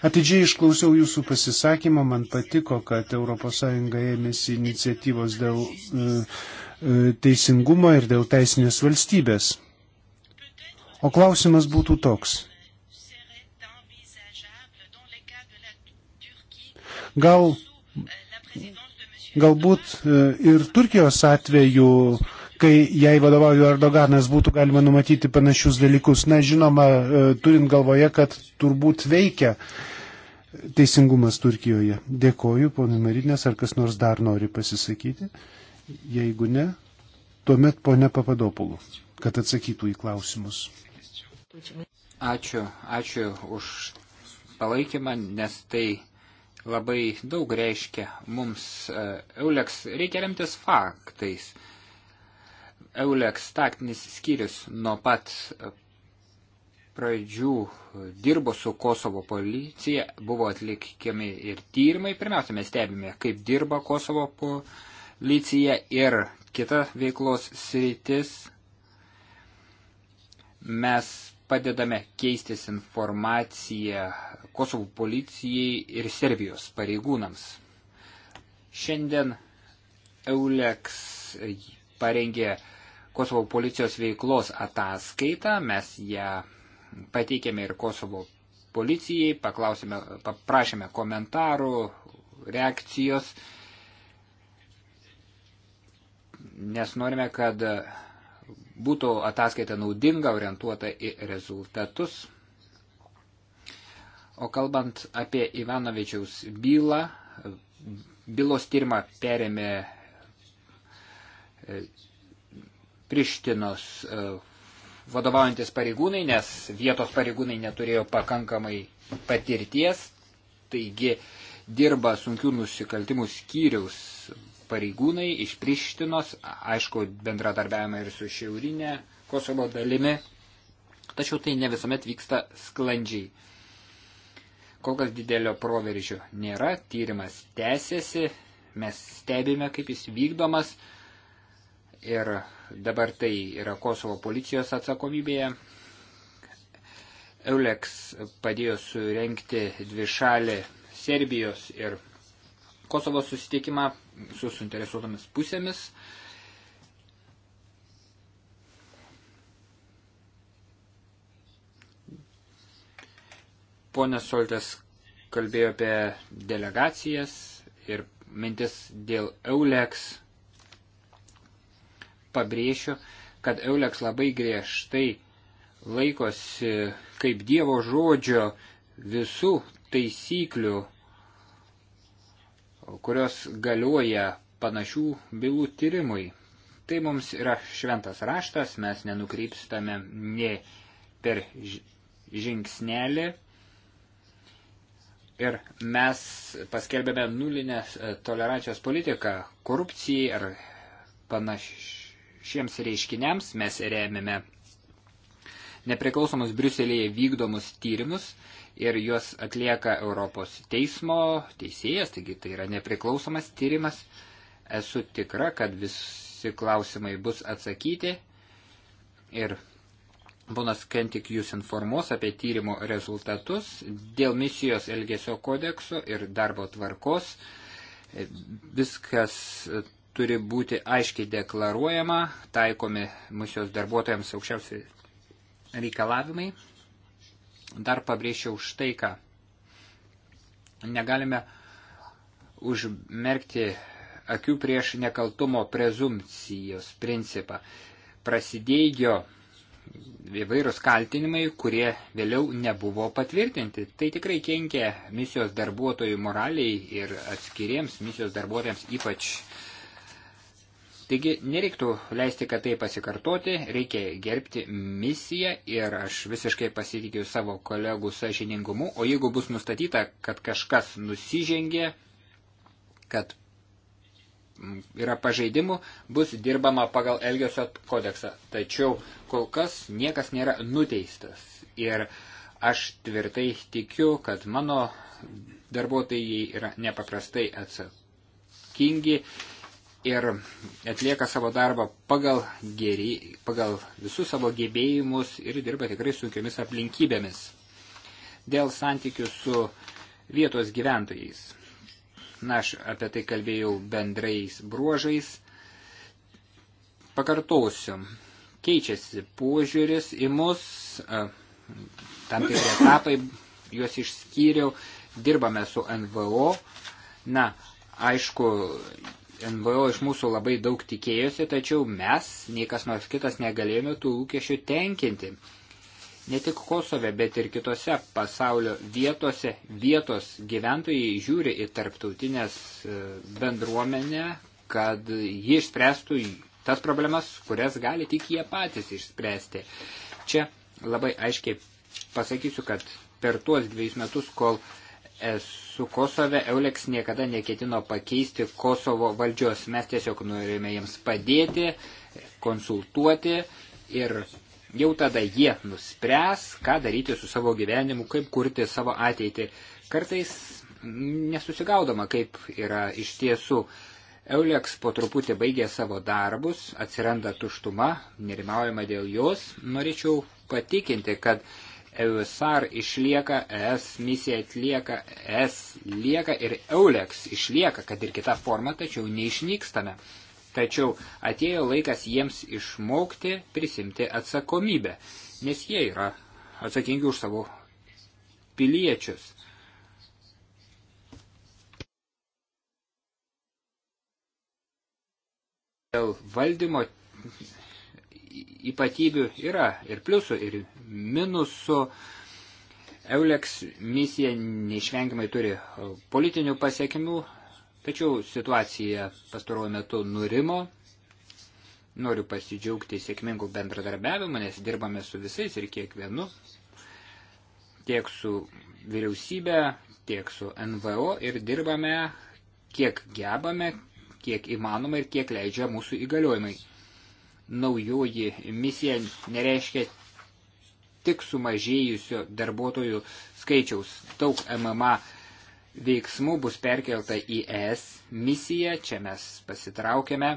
Atidžiai išklausiau jūsų pasisakymą, man patiko, kad ES ėmėsi iniciatyvos dėl e, e, teisingumo ir dėl teisinės valstybės. O klausimas būtų toks. Gal Galbūt e, ir Turkijos atveju, kai jai vadovauja Erdoganas, būtų galima numatyti panašius dalykus. Na, žinoma, e, turint galvoje, kad turbūt veikia teisingumas Turkijoje. Dėkoju, ponai Marinės, ar kas nors dar nori pasisakyti. Jeigu ne, tuomet ponė Papadopulų, kad atsakytų į klausimus. Ačiū, ačiū už palaikymą, nes tai labai daug reiškia mums e, Euleks. Reikia remtis faktais. Euleks taktinis skyrius nuo pat pradžių dirbo su Kosovo policija, buvo atlikiami ir tyrimai. Pirmiausia, mes stebime, kaip dirba Kosovo policija ir kita veiklos sritis. Mes padedame keistis informaciją Kosovų policijai ir Serbijos pareigūnams. Šiandien Euleks parengė Kosovo policijos veiklos ataskaitą, mes ją pateikėme ir Kosovo policijai, paklausėme, paprašėme komentarų, reakcijos, nes norime, kad būtų ataskaita naudinga, orientuota į rezultatus. O kalbant apie Ivanovičiaus bylą, bylos tyrimą perėmė e, Prištinos e, vadovaujantis pareigūnai, nes vietos pareigūnai neturėjo pakankamai patirties, taigi dirba sunkių nusikaltimų skyriaus pareigūnai iš Prištinos, aišku, bendradarbiavimą ir su šiaurinė Kosovo dalimi, tačiau tai ne visuomet vyksta sklandžiai. Kol kas didelio proveržio nėra, tyrimas tęsiasi, mes stebime, kaip jis vykdomas ir dabar tai yra Kosovo policijos atsakomybėje. Eulex padėjo surenkti dvi šalį Serbijos ir Kosovo susitikimą su suinteresuotomis pusėmis. Uh, Ponas Soltas kalbėjo apie delegacijas ir mintis dėl Eulex. Pabrėšiu, kad Eulex labai griežtai laikosi kaip Dievo žodžio visų taisyklių, kurios galioja panašių bylų tyrimui. Tai mums yra šventas raštas, mes nenukrypstame ne per žingsnelį Ir mes paskelbėme nulinę e, tolerancijos politiką korupcijai ar panašiems reiškiniams. Mes remiame nepriklausomus Briuselėje vykdomus tyrimus ir juos atlieka Europos teismo teisėjas, taigi tai yra nepriklausomas tyrimas. Esu tikra, kad visi klausimai bus atsakyti ir Ponas Kentik jūs informuos apie tyrimo rezultatus dėl misijos elgesio kodekso ir darbo tvarkos. Viskas turi būti aiškiai deklaruojama, taikomi misijos darbuotojams aukščiausi reikalavimai. Dar pabrėžčiau štai ką. Negalime užmerkti akių prieš nekaltumo prezumcijos principą. Prasidėjo įvairūs kaltinimai, kurie vėliau nebuvo patvirtinti. Tai tikrai kenkia misijos darbuotojų moraliai ir atskiriems misijos darbuotojams ypač. Taigi nereiktų leisti, kad tai pasikartoti, reikia gerbti misiją ir aš visiškai pasitikiu savo kolegų sažiningumu, o jeigu bus nustatyta, kad kažkas nusižengė, kad yra pažeidimų, bus dirbama pagal Elgesio kodeksą. Tačiau kol kas niekas nėra nuteistas. Ir aš tvirtai tikiu, kad mano darbuotojai yra nepaprastai atsakingi ir atlieka savo darbą pagal, gerį, pagal visus savo gebėjimus ir dirba tikrai sunkiomis aplinkybėmis. Dėl santykių su vietos gyventojais. Na, aš apie tai kalbėjau bendrais bruožais. Pakartosiu, keičiasi požiūris į mus, tam tikri etapai, juos išskyriau, dirbame su NVO. Na, aišku, NVO iš mūsų labai daug tikėjosi, tačiau mes, nei kas nors kitas, negalėjome tų lūkesčių tenkinti. Ne tik Kosove, bet ir kitose pasaulio vietose vietos gyventojai žiūri į tarptautinės e, bendruomenę, kad ji išspręstų tas problemas, kurias gali tik jie patys išspręsti. Čia labai aiškiai pasakysiu, kad per tuos dviejus metus, kol esu Kosove, Euleks niekada neketino pakeisti Kosovo valdžios. Mes tiesiog norėjome jiems padėti, konsultuoti ir Jau tada jie nuspręs, ką daryti su savo gyvenimu, kaip kurti savo ateitį. Kartais nesusigaudama, kaip yra iš tiesų. Euleks po truputį baigė savo darbus, atsiranda tuštuma, nerimaujama dėl jos. Norėčiau patikinti, kad EUSAR išlieka, ES misija atlieka, ES lieka ir EULEX išlieka, kad ir kita forma, tačiau neišnykstame tačiau atėjo laikas jiems išmokti prisimti atsakomybę, nes jie yra atsakingi už savo piliečius. Dėl valdymo ypatybių yra ir pliusų, ir minusų. Euleks misija neišvengiamai turi politinių pasiekimų, Tačiau situacija pastaruoju metu nurimo. Noriu pasidžiaugti sėkmingų bendradarbiavimų, nes dirbame su visais ir kiekvienu, tiek su vyriausybė, tiek su NVO ir dirbame kiek gebame, kiek įmanoma ir kiek leidžia mūsų įgaliojimai. Naujoji misija nereiškia tik sumažėjusio darbuotojų skaičiaus. Daug MMA veiksmų bus perkelta į ES misiją, čia mes pasitraukėme,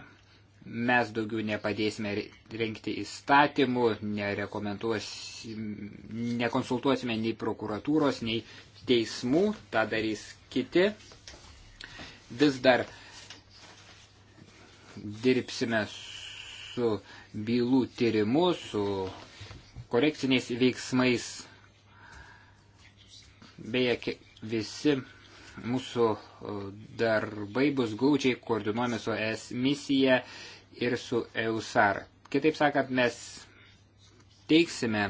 mes daugiau nepadėsime rengti įstatymų, nekonsultuosime nei prokuratūros, nei teismų, tą darys kiti. Vis dar dirbsime su bylų tyrimu, su korekciniais veiksmais. Beje, visi Mūsų darbai bus glaudžiai koordinuojami su ES misija ir su EUSAR. Kitaip sakant, mes teiksime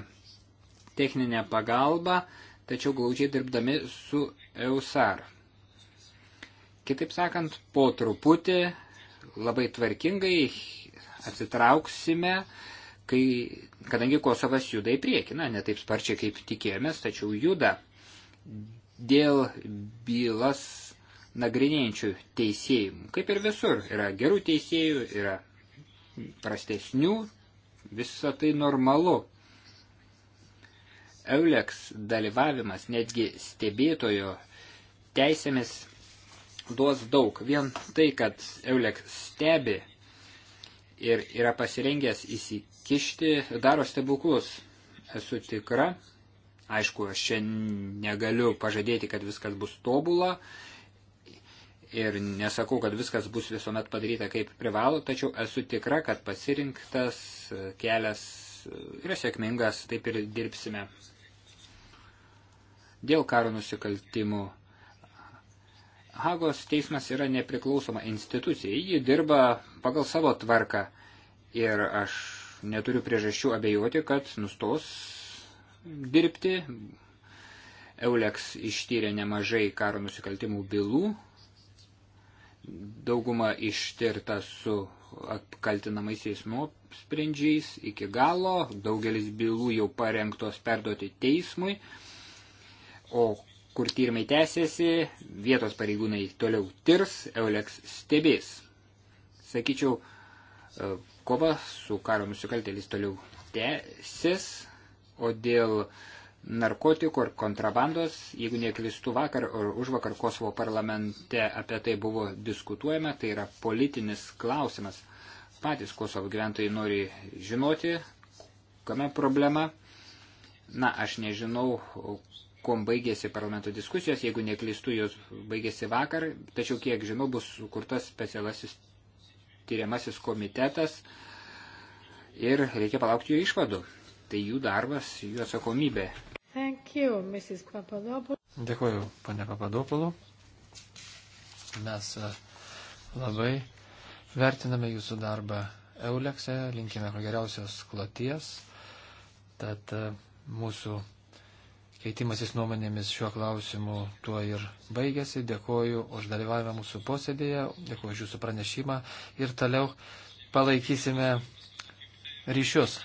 techninę pagalbą, tačiau glaudžiai dirbdami su EUSAR. Kitaip sakant, po truputį labai tvarkingai atsitrauksime, kai, kadangi Kosovas juda į priekį, na, ne taip sparčiai kaip tikėjomės, tačiau juda dėl bylas nagrinėjančių teisėjų. Kaip ir visur, yra gerų teisėjų, yra prastesnių, visą tai normalu. Euleks dalyvavimas netgi stebėtojo teisėmis duos daug. Vien tai, kad Euleks stebi ir yra pasirengęs įsikišti, daro stebuklus. Esu tikra, Aišku, aš čia negaliu pažadėti, kad viskas bus tobula ir nesakau, kad viskas bus visuomet padaryta kaip privalo, tačiau esu tikra, kad pasirinktas kelias yra sėkmingas, taip ir dirbsime. Dėl karo nusikaltimų. Hagos teismas yra nepriklausoma institucija, ji dirba pagal savo tvarką ir aš neturiu priežasčių abejoti, kad nustos dirbti. Euleks ištyrė nemažai karo nusikaltimų bylų. Dauguma ištirta su apkaltinamaisiais nuosprendžiais iki galo. Daugelis bylų jau parengtos perduoti teismui. O kur tyrimai tęsiasi, vietos pareigūnai toliau tirs, Euleks stebės. Sakyčiau, e, kova su karo nusikaltėlis toliau tęsis, O dėl narkotikų ir kontrabandos, jeigu neklistų vakar ar už vakar Kosovo parlamente apie tai buvo diskutuojama, tai yra politinis klausimas. Patys Kosovo gyventojai nori žinoti, kame problema. Na, aš nežinau, kom baigėsi parlamento diskusijos, jeigu neklistų, jos baigėsi vakar, tačiau kiek žinau, bus sukurtas specialasis tyriamasis komitetas ir reikia palaukti jų išvadų. Tai jų darbas, jų atsakomybė. Thank you, Mrs. Papadopoulou. Dėkuoju, pane Papadopoulou. Mes e, labai vertiname jūsų darbą Eulekse, linkime ko geriausios kloties. Tad e, mūsų keitimasis nuomonėmis šiuo klausimu tuo ir baigėsi. Dėkuoju už dalyvavimą mūsų posėdėje, dėkuoju už jūsų pranešimą ir toliau palaikysime ryšius.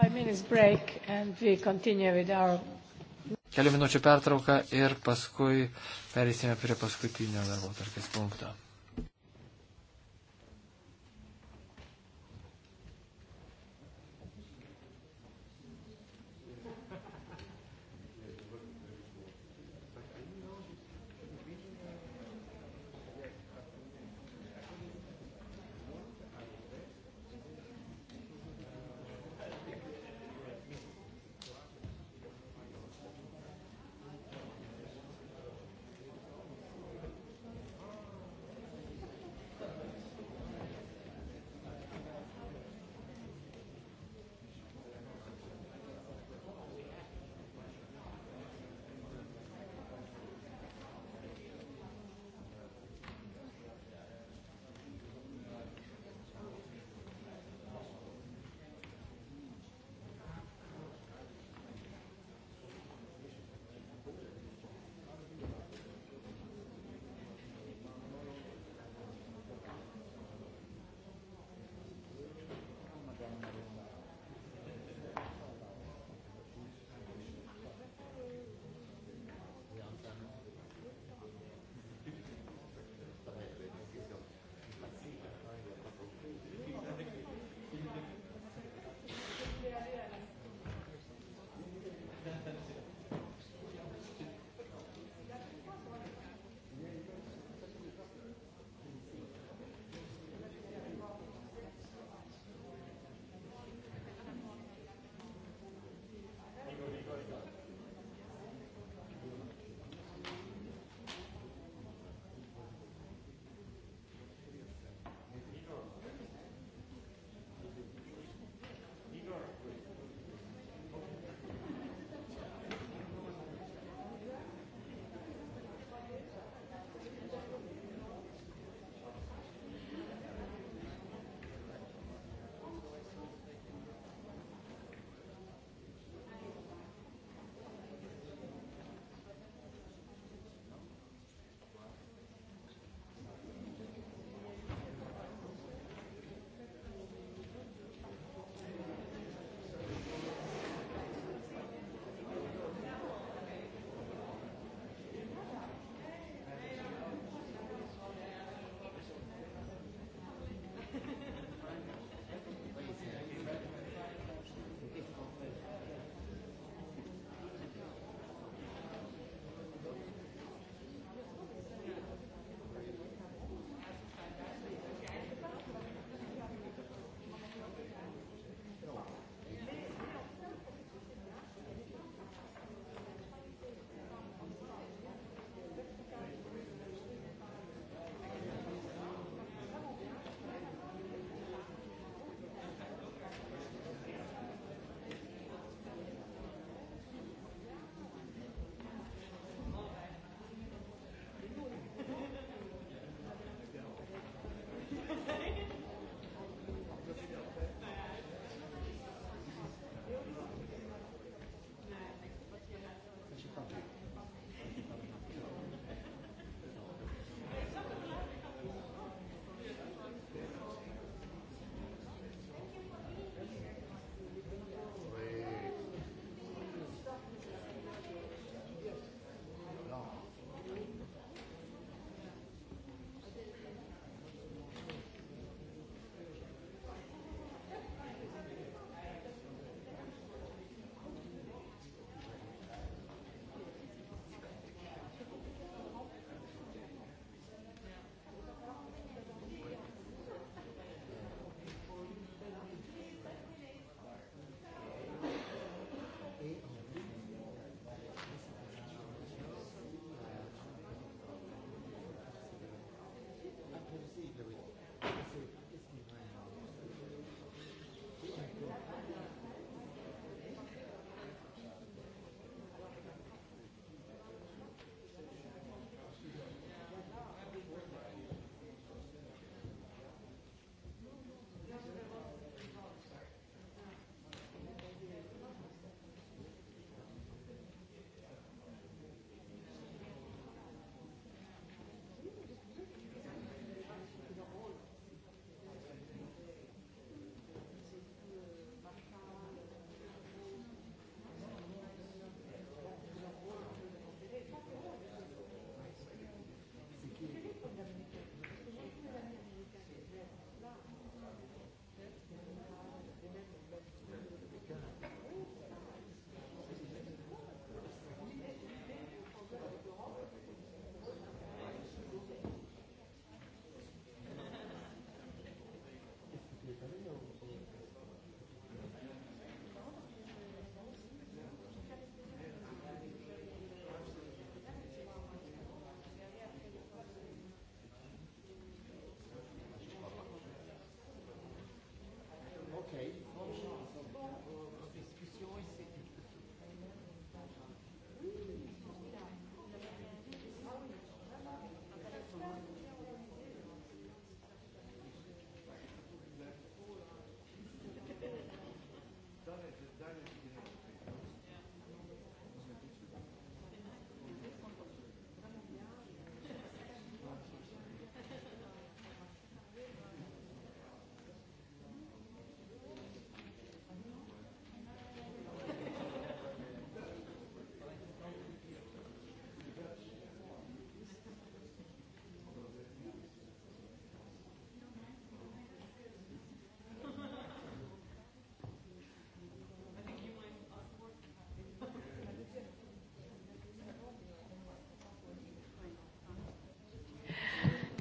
Our... Kelių minučių pertrauka ir paskui perėsime prie paskutinio darbo tarkės punkto.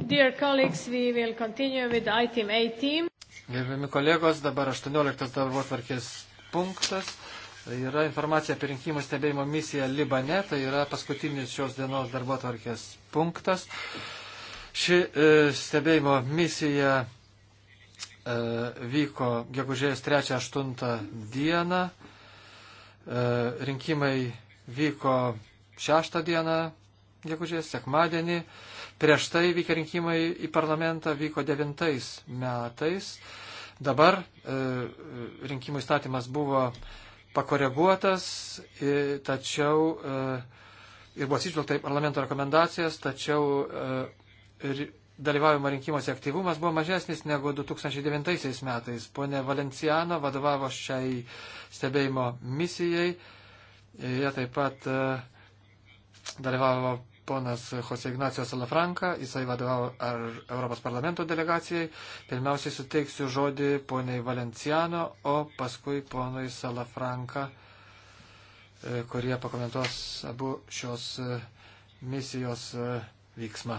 Dear colleagues, we will continue with item 18. Gerbiami kolegos, dabar 18 darbo tvarkės punktas. Tai yra informacija apie rinkimų stebėjimo misiją Libane, tai yra paskutinis šios dienos darbo tvarkės punktas. Ši e, stebėjimo misija e, vyko gegužės 3-8 dieną. E, rinkimai vyko 6 dieną gegužės, sekmadienį. E, Prieš tai vykę rinkimai į parlamentą vyko devintais metais. Dabar e, rinkimų įstatymas buvo pakoreguotas, e, tačiau e, ir buvo atsižvelgta į parlamento rekomendacijas, tačiau e, dalyvavimo rinkimuose aktyvumas buvo mažesnis negu 2009 metais. Pone Valenciano vadovavo šiai stebėjimo misijai. Jie taip pat e, dalyvavo ponas Jose Ignacio Salafranka, jisai vadovavo Europos parlamento delegacijai. Pirmiausiai suteiksiu žodį poniai Valenciano, o paskui ponui Salafranka, e, kurie pakomentuos abu šios e, misijos e, vyksmą.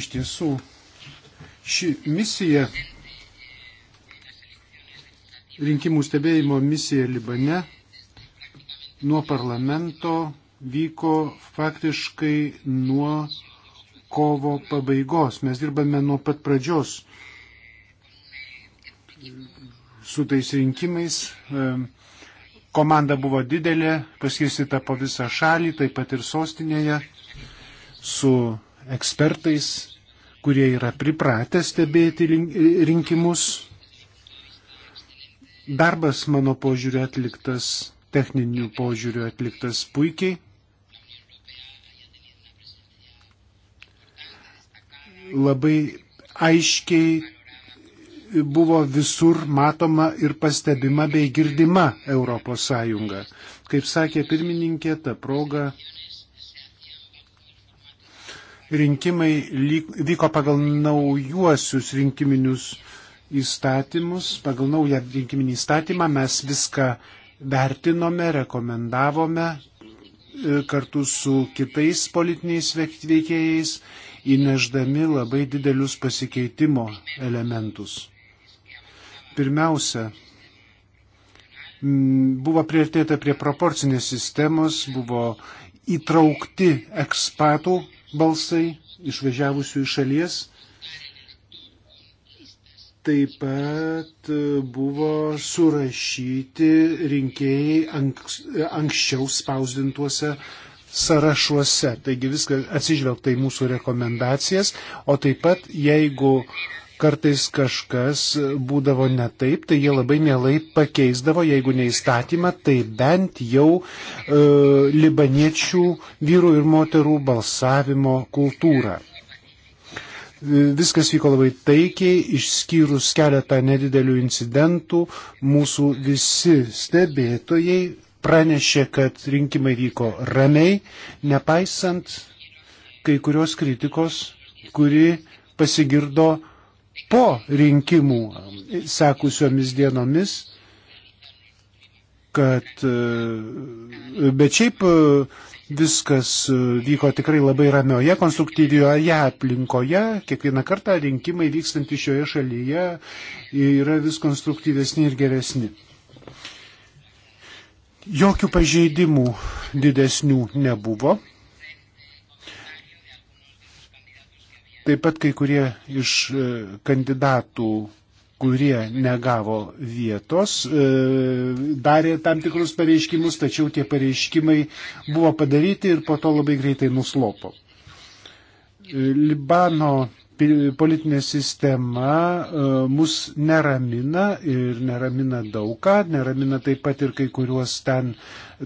Iš tiesų, ši misija rinkimų stebėjimo misija Libane nuo parlamento vyko faktiškai nuo kovo pabaigos. Mes dirbame nuo pat pradžios su tais rinkimais. Komanda buvo didelė, paskirstyta po visą šalį, taip pat ir sostinėje, su ekspertais, kurie yra pripratę stebėti rinkimus Darbas mano požiūriu atliktas, techninių požiūrių atliktas puikiai. Labai aiškiai buvo visur matoma ir pastebima bei girdima Europos Sąjunga. Kaip sakė pirmininkė, ta proga rinkimai lyg, vyko pagal naujuosius rinkiminius įstatymus, pagal naują rinkiminį įstatymą mes viską vertinome, rekomendavome e, kartu su kitais politiniais veikėjais, įneždami labai didelius pasikeitimo elementus. Pirmiausia, buvo prieartėta prie proporcinės sistemos, buvo įtraukti ekspatų balsai išvažiavusių iš šalies taip pat e, buvo surašyti rinkėjai anks, e, anksčiau spausdintuose sąrašuose. Taigi viskas atsižvelgta į mūsų rekomendacijas, o taip pat jeigu kartais kažkas būdavo ne taip, tai jie labai mielai pakeisdavo, jeigu ne įstatymą, tai bent jau e, libaniečių vyrų ir moterų balsavimo kultūrą. Viskas vyko labai taikiai, išskyrus keletą nedidelių incidentų. Mūsų visi stebėtojai pranešė, kad rinkimai vyko ramiai, nepaisant kai kurios kritikos, kuri pasigirdo po rinkimų sekusiomis dienomis, kad e, bet šiaip e, viskas e, vyko tikrai labai ramioje, konstruktyvioje aplinkoje. Kiekvieną kartą rinkimai vykstantys šioje šalyje yra vis konstruktyvesni ir geresni. Jokių pažeidimų didesnių nebuvo. Taip pat kai kurie iš e, kandidatų kurie negavo vietos, e, darė tam tikrus pareiškimus, tačiau tie pareiškimai buvo padaryti ir po to labai greitai nuslopo. E, Libano politinė sistema e, mus neramina ir neramina daugą, neramina taip pat ir kai kuriuos ten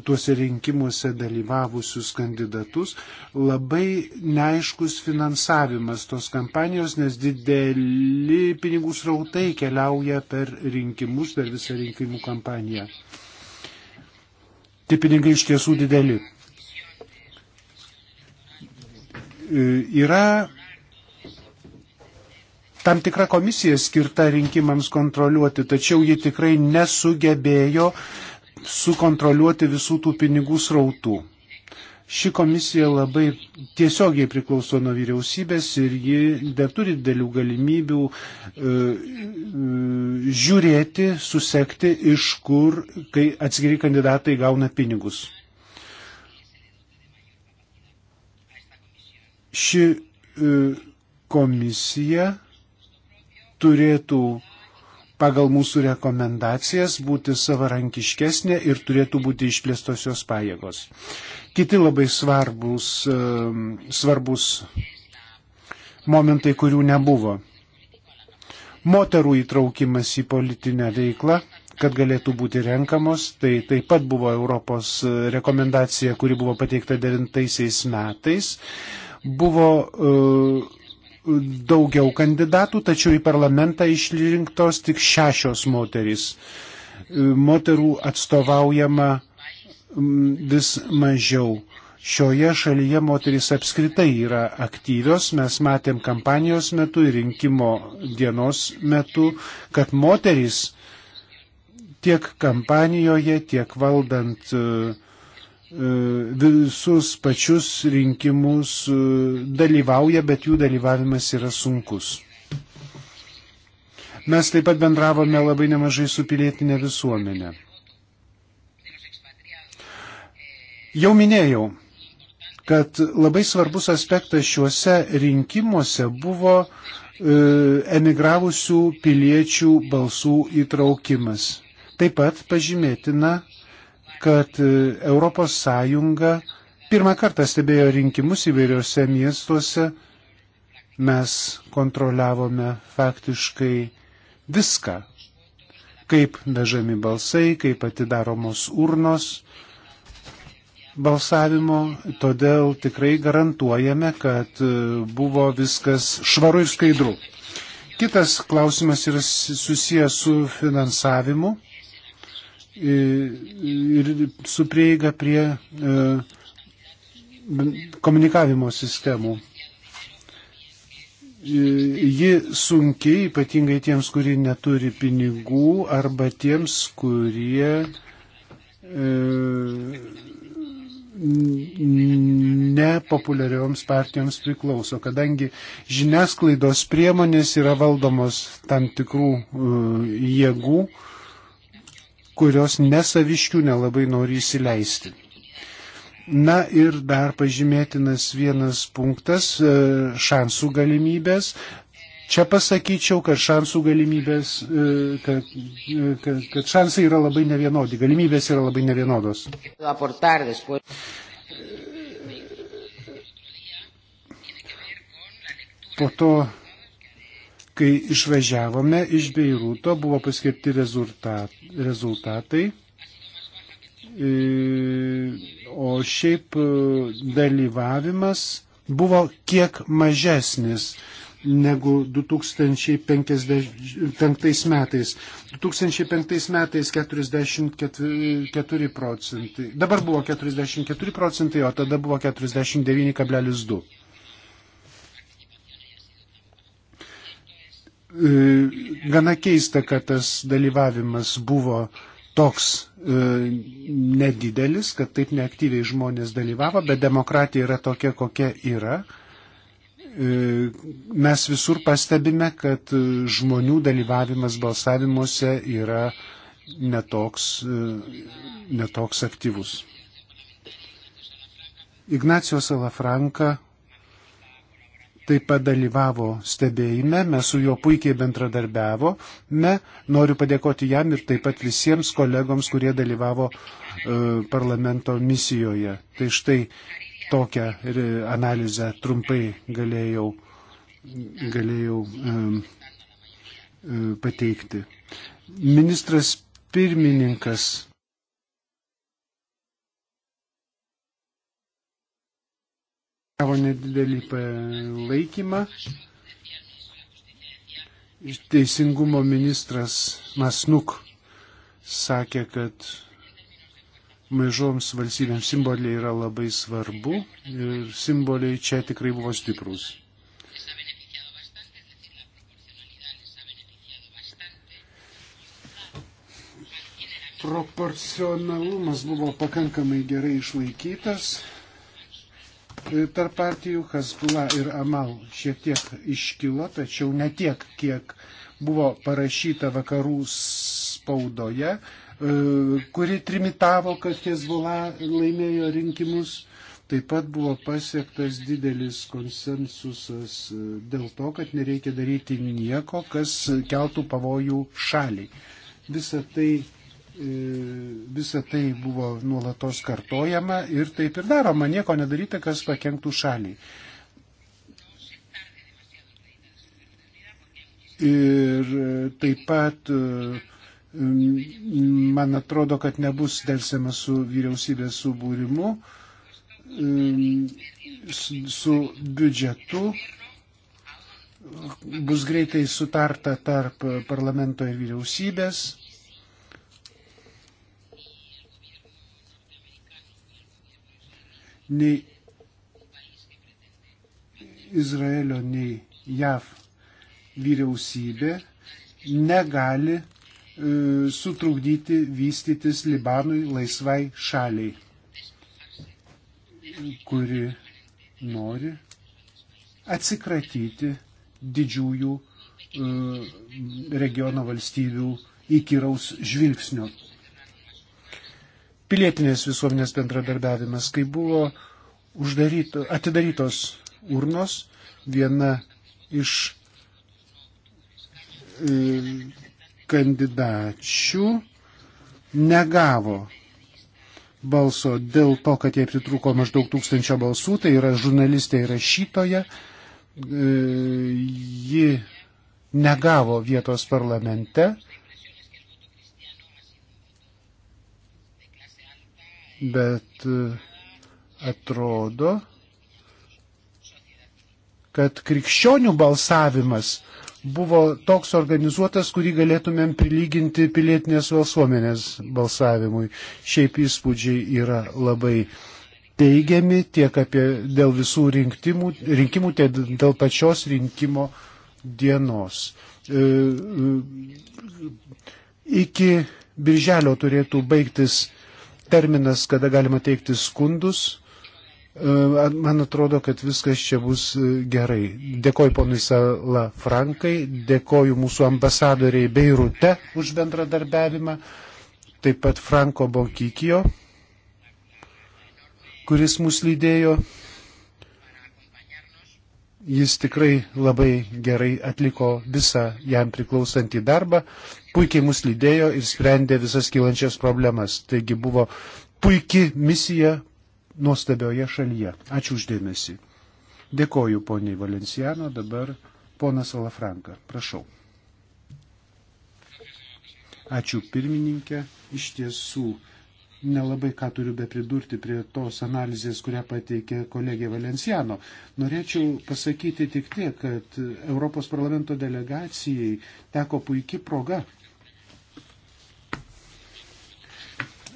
tuose rinkimuose dalyvavusius kandidatus. Labai neaiškus finansavimas tos kampanijos, nes dideli pinigų srautai keliauja per rinkimus, per visą rinkimų kampaniją. Tie pinigai iš tiesų dideli. E, yra tam tikra komisija skirta rinkimams kontroliuoti, tačiau ji tikrai nesugebėjo sukontroliuoti visų tų pinigų srautų. Ši komisija labai tiesiogiai priklauso nuo vyriausybės ir ji dar turi dėlių galimybių e, e, žiūrėti, susekti, iš kur, kai atskiri kandidatai gauna pinigus. Ši e, komisija turėtų pagal mūsų rekomendacijas būti savarankiškesnė ir turėtų būti išplėstosios pajėgos. Kiti labai svarbus, svarbus momentai, kurių nebuvo. Moterų įtraukimas į politinę veiklą, kad galėtų būti renkamos, tai taip pat buvo Europos rekomendacija, kuri buvo pateikta devintaisiais metais. Buvo uh, daugiau kandidatų, tačiau į parlamentą išrinktos tik šešios moterys. Moterų atstovaujama mm, vis mažiau. Šioje šalyje moteris apskritai yra aktyvios, mes matėm kampanijos metu ir rinkimo dienos metu, kad moteris tiek kampanijoje, tiek valdant uh, E, visus pačius rinkimus e, dalyvauja, bet jų dalyvavimas yra sunkus. Mes taip pat bendravome labai nemažai su pilietinė visuomenė. Jau minėjau, kad labai svarbus aspektas šiuose rinkimuose buvo e, emigravusių piliečių balsų įtraukimas. Taip pat pažymėtina, kad ES pirmą kartą stebėjo rinkimus įvairiuose miestuose. Mes kontroliavome faktiškai viską, kaip vežami balsai, kaip atidaromos urnos balsavimo, todėl tikrai garantuojame, kad e, buvo viskas švaru ir skaidru. Kitas klausimas yra susijęs su finansavimu ir su prieiga prie e, komunikavimo sistemų. E, ji sunkiai, ypatingai tiems, kurie neturi pinigų arba tiems, kurie e, nepopuliarioms partijoms priklauso, kadangi žiniasklaidos priemonės yra valdomos tam tikrų jėgų, uh, kurios nesaviškių nelabai nori įsileisti. Na ir dar pažymėtinas vienas punktas e, - šansų galimybės. Čia pasakyčiau, kad šansų galimybės, e, kad, e, kad, kad šansai yra labai nevienodi, galimybės yra labai nevienodos. Po to Kai išvažiavome iš Beiruto, buvo paskirti rezultatai. E, o šiaip e, dalyvavimas buvo kiek mažesnis negu 2055 metais. 2005 metais 44 procentai. Dabar buvo 44 procentai, o tada buvo 49,2. E, gana keista, kad tas dalyvavimas buvo toks e, nedidelis, kad taip neaktyviai žmonės dalyvavo, bet demokratija yra tokia, kokia yra. E, mes visur pastebime, kad žmonių dalyvavimas balsavimuose yra netoks, netoks aktyvus. Ignacijos Alafranka taip pat dalyvavo stebėjime, mes su juo puikiai bendradarbiavome. Noriu padėkoti jam ir taip pat visiems kolegoms, kurie dalyvavo e, parlamento misijoje. Tai štai tokią e, analizę trumpai galėjau, galėjau e, e, pateikti. Ministras pirmininkas gavo nedidelį palaikymą. Teisingumo ministras Masnuk sakė, kad mažoms valstybėms simboliai yra labai svarbu ir simboliai čia tikrai buvo stiprus. Proporcionalumas buvo pakankamai gerai išlaikytas. E, tarp partijų, Hasbula ir Amal šiek tiek iškilo, tačiau ne tiek, kiek buvo parašyta vakarų spaudoje, e, kuri trimitavo, kad Hezbollah laimėjo rinkimus. Taip pat buvo pasiektas didelis konsensusas e, dėl to, kad nereikia daryti nieko, kas keltų pavojų šaliai. Visą tai E, visa tai buvo nuolatos kartojama ir taip ir daroma, nieko nedaryti, kas pakenktų šaliai. Ir taip pat, e, man atrodo, kad nebus dėlsiama su vyriausybės subūrimu, e, su biudžetu, bus greitai sutarta tarp parlamento ir vyriausybės nei Izraelio, nei JAV vyriausybė negali e, sutrukdyti vystytis Libanui laisvai šaliai, kuri nori atsikratyti didžiųjų e, regiono valstybių įkyraus žvilgsnio pilietinės visuomenės bendradarbiavimas, kai buvo uždaryto, atidarytos urnos, viena iš e, kandidačių negavo balso dėl to, kad jai pritruko maždaug tūkstančio balsų, tai yra žurnalistė ir rašytoja, e, ji negavo vietos parlamente, bet e, atrodo, kad krikščionių balsavimas buvo toks organizuotas, kurį galėtumėm prilyginti pilietinės visuomenės balsavimui. Šiaip įspūdžiai yra labai teigiami tiek apie, dėl visų rinkimų, rinkimų tiek dėl pačios rinkimo dienos. E, e, iki birželio turėtų baigtis terminas, kada galima teikti skundus. E, man atrodo, kad viskas čia bus e, gerai. Dėkoju ponui Sala Frankai, dėkoju mūsų ambasadoriai Beirute už bendradarbiavimą, taip pat Franko Bonkikijo, kuris mus lydėjo. Jis tikrai labai gerai atliko visą jam priklausantį darbą puikiai mus lydėjo ir sprendė visas kylančias problemas. Taigi buvo puikia misija nuostabioje šalyje. Ačiū uždėmesi. Dėkoju poniai Valenciano, dabar ponas Alafranka. Prašau. Ačiū pirmininkė. Iš tiesų nelabai ką turiu be pridurti prie tos analizės, kurią pateikė kolegė Valenciano. Norėčiau pasakyti tik tiek, kad Europos parlamento delegacijai teko puikia proga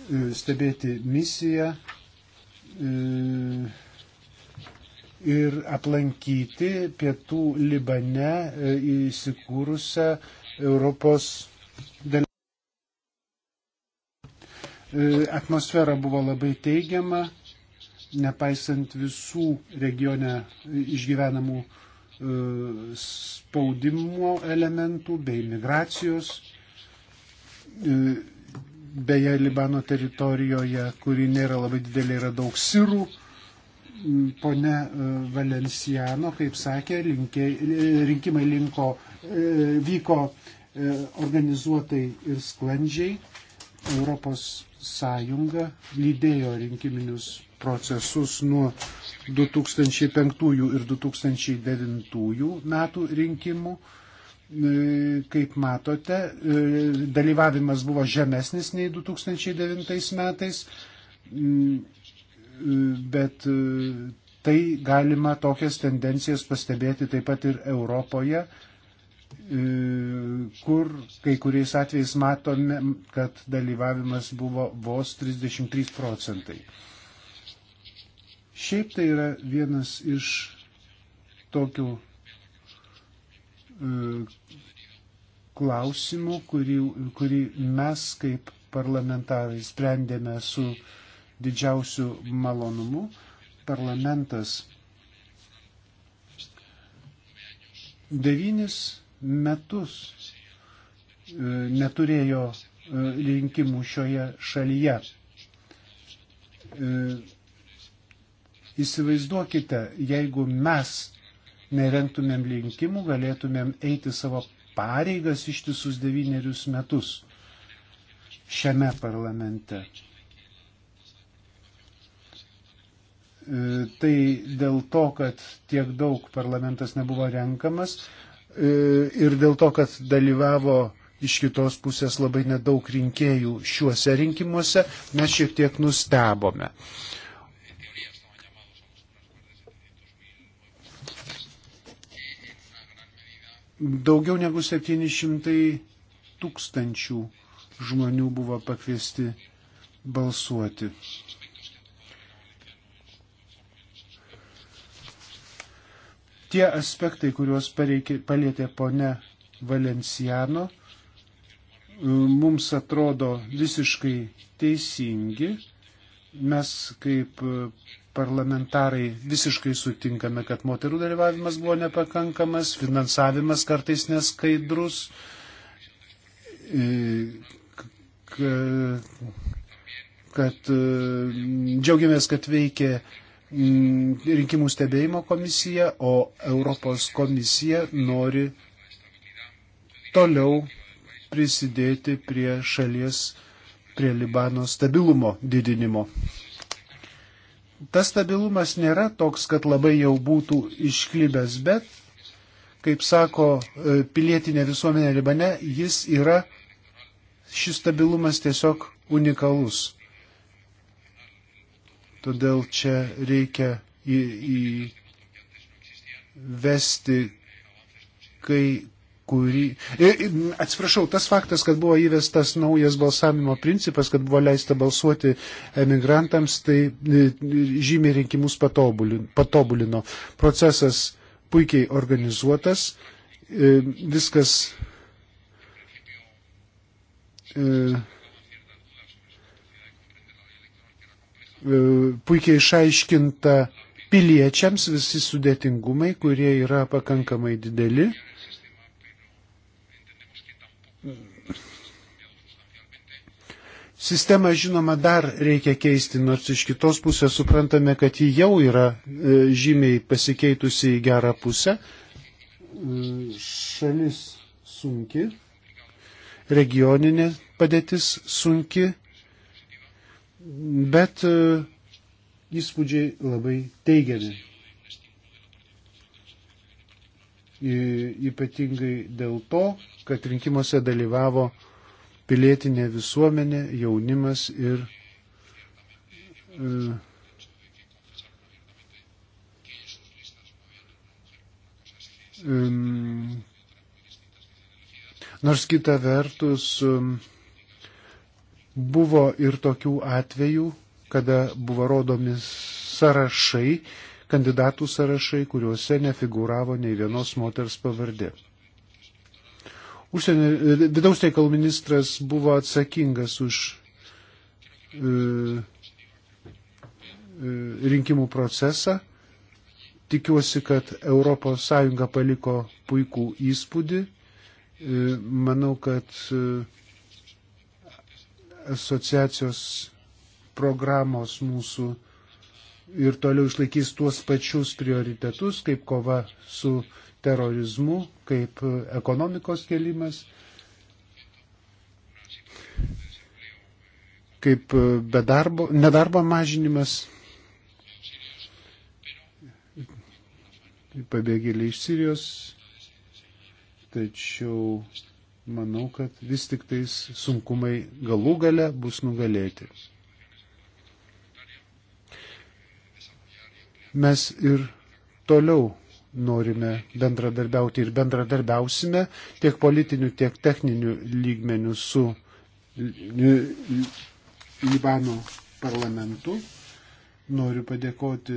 E, stebėti misiją e, ir aplankyti pietų Libane e, įsikūrusią Europos dalyvę. Atmosfera buvo labai teigiama, nepaisant visų regione išgyvenamų spaudimo elementų bei migracijos Beje, Libano teritorijoje, kuri nėra labai didelė, yra daug sirų. Mm, Pone e, Valenciano, kaip sakė, linkė, e, rinkimai linko, e, vyko organizuotai ir sklandžiai. Europos Sąjunga lydėjo rinkiminius procesus nuo 2005 ir 2009 metų rinkimų E, kaip matote, e, dalyvavimas buvo žemesnis nei 2009 metais, e, bet tai galima tokias tendencijas pastebėti taip pat ir Europoje, kur kai kuriais atvejais matome, kad dalyvavimas buvo vos 33 procentai. Šiaip tai yra vienas iš tokių klausimų, kurį, kurį mes kaip parlamentarai sprendėme su didžiausiu malonumu. Parlamentas devynis metus e, neturėjo e, rinkimų šioje šalyje. E, įsivaizduokite, jeigu mes nerengtumėm linkimų, galėtumėm eiti savo pareigas ištisus devynerius metus šiame parlamente. E, tai dėl to, kad tiek daug parlamentas nebuvo renkamas e, ir dėl to, kad dalyvavo iš kitos pusės labai nedaug rinkėjų šiuose rinkimuose, mes šiek tiek nustebome. Uh, Daugiau negu 700 tūkstančių žmonių buvo pakviesti balsuoti. Tie aspektai, kuriuos pareikė, palėtė ponia Valenciano, mums atrodo visiškai teisingi. Mes kaip parlamentarai visiškai sutinkame, kad moterų dalyvavimas buvo nepakankamas, finansavimas kartais neskaidrus, e, kad e, džiaugiamės, kad veikia mm, rinkimų stebėjimo komisija, o Europos komisija nori toliau prisidėti prie šalies, prie Libano stabilumo didinimo. Tas stabilumas nėra toks, kad labai jau būtų išklibęs, bet, kaip sako e, pilietinė visuomenė Libane, jis yra, šis stabilumas tiesiog unikalus. Todėl čia reikia įvesti, kai kurį. Atsiprašau, tas faktas, kad buvo įvestas naujas balsavimo principas, kad buvo leista balsuoti emigrantams, tai žymiai rinkimus patobulino. Procesas puikiai organizuotas, viskas. puikiai išaiškinta piliečiams visi sudėtingumai, kurie yra pakankamai dideli. Sistemą, žinoma, dar reikia keisti, nors iš kitos pusės suprantame, kad ji jau yra e, žymiai pasikeitusi į gerą pusę. E, šalis sunki, regioninė padėtis sunki, bet e, įspūdžiai labai teigiami. Ypatingai dėl to, kad rinkimuose dalyvavo e, pilietinė visuomenė, jaunimas ir e, Um, nors kita vertus um, buvo ir tokių atvejų, kada buvo rodomi sąrašai, kandidatų sąrašai, kuriuose nefiguravo nei vienos moters pavardė. Užsienio, e, vidaus reikalų ministras buvo atsakingas už e, e rinkimų procesą. Tikiuosi, kad ES paliko puikų įspūdį. E, manau, kad asociacijos programos mūsų ir toliau išlaikys tuos pačius prioritetus, kaip kova su terorizmu, kaip ekonomikos kelimas, kaip bedarbo, nedarbo mažinimas, pabėgėliai iš Sirijos. Tačiau manau, kad vis tik tais sunkumai galų gale bus nugalėti. Mes ir toliau norime bendradarbiauti ir bendradarbiausime tiek politiniu, tiek techniniu lygmeniu su Libano parlamentu. Noriu padėkoti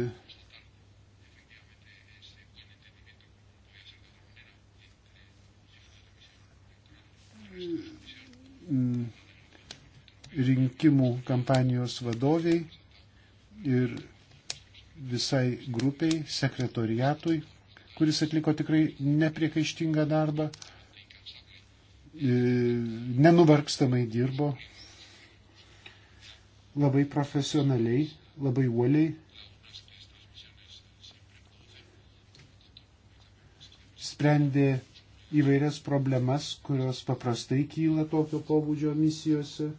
rinkimų kampanijos vadoviai ir visai grupiai, sekretoriatui kuris atliko tikrai nepriekaištingą darbą, e, nenuvargstamai dirbo, labai profesionaliai, labai uoliai. Sprendė įvairias problemas, kurios paprastai kyla tokio pobūdžio misijose.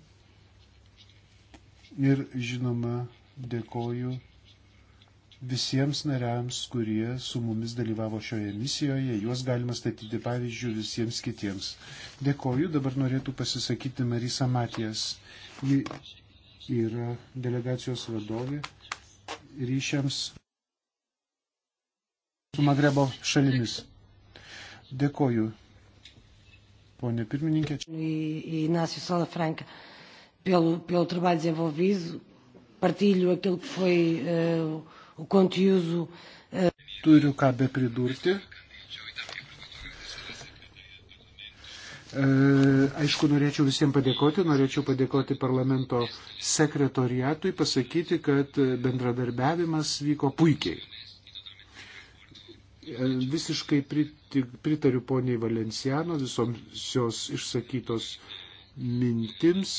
Ir žinoma, dėkoju visiems nariams, kurie su mumis dalyvavo šioje misijoje, juos galima statyti pavyzdžių visiems kitiems. Dėkoju, dabar norėtų pasisakyti Marisa Matijas. Ji yra delegacijos vadovė ryšiams su Magrebo šalimis. Dėkoju, ponė pirmininkė. E, e, Inácio Salafranca, pelo, pelo trabalho desenvolvido, partilho aquilo que foi uh, conteúdo. Eh, Turiu ką be pridurti. Eh, aišku, norėčiau visiems padėkoti, norėčiau padėkoti parlamento sekretoriatui, pasakyti, kad eh, bendradarbiavimas vyko puikiai. Visiškai pritariu poniai Valenciano visoms jos išsakytos mintims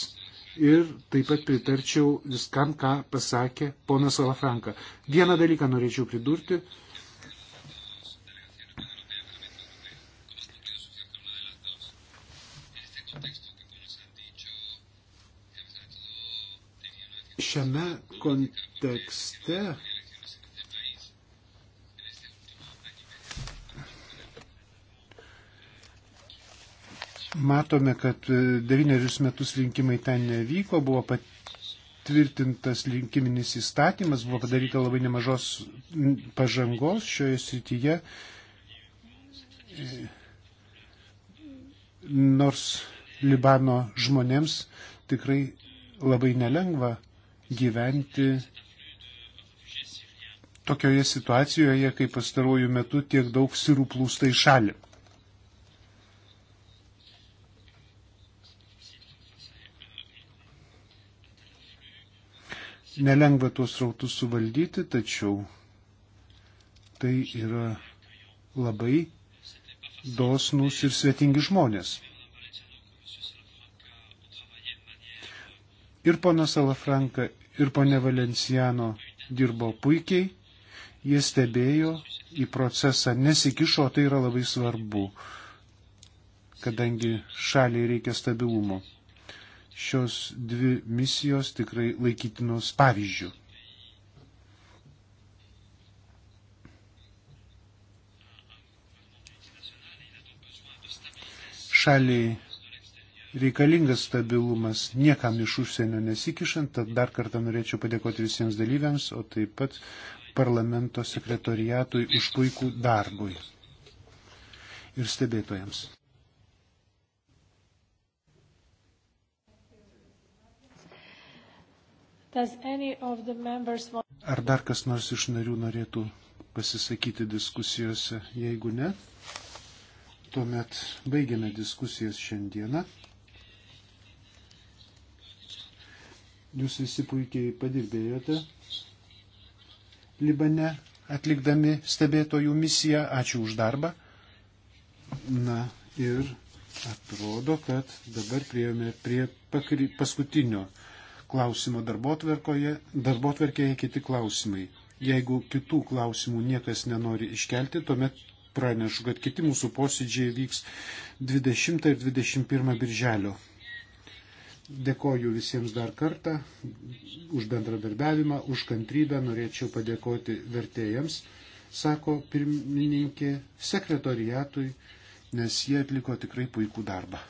ir taip pat pritarčiau viskam, ką pasakė ponas Alafranka. Vieną dalyką norėčiau pridurti. Šiame kontekste Matome, kad e, devynerius metus rinkimai ten nevyko, buvo patvirtintas rinkiminis įstatymas, buvo padaryta labai nemažos pažangos šioje srityje. E, nors Libano žmonėms tikrai labai nelengva gyventi tokioje situacijoje, kai pastaruoju metu tiek daug sirų plūsta į šalį. Nelengva tuos rautus suvaldyti, tačiau tai yra labai dosnus ir svetingi žmonės. Ir ponas Salafranka, ir ponė Valenciano dirbo puikiai, jie stebėjo į procesą, nesikišo, tai yra labai svarbu, kadangi šaliai reikia stabilumo šios dvi misijos tikrai laikytinos pavyzdžių. Šaliai reikalingas stabilumas niekam iš užsienio nesikišant, tad dar kartą norėčiau padėkoti visiems dalyviams, o taip pat parlamento sekretoriatui už puikų darbui ir stebėtojams. Ar dar kas nors iš narių norėtų pasisakyti diskusijose? Jeigu ne, tuomet baigiame diskusijas šiandieną. Jūs visi puikiai padirbėjote Libane, atlikdami stebėtojų misiją. Ačiū už darbą. Na ir atrodo, kad dabar priejome prie paskutinio klausimo darbotverkėje kiti klausimai. Jeigu kitų klausimų niekas nenori iškelti, tuomet pranešu, kad kiti mūsų posėdžiai vyks 20 ir 21 birželio. Dėkoju visiems dar kartą už bendradarbiavimą, už kantrybę, norėčiau padėkoti vertėjams, sako pirmininkė sekretoriatui, nes jie atliko tikrai puikų darbą.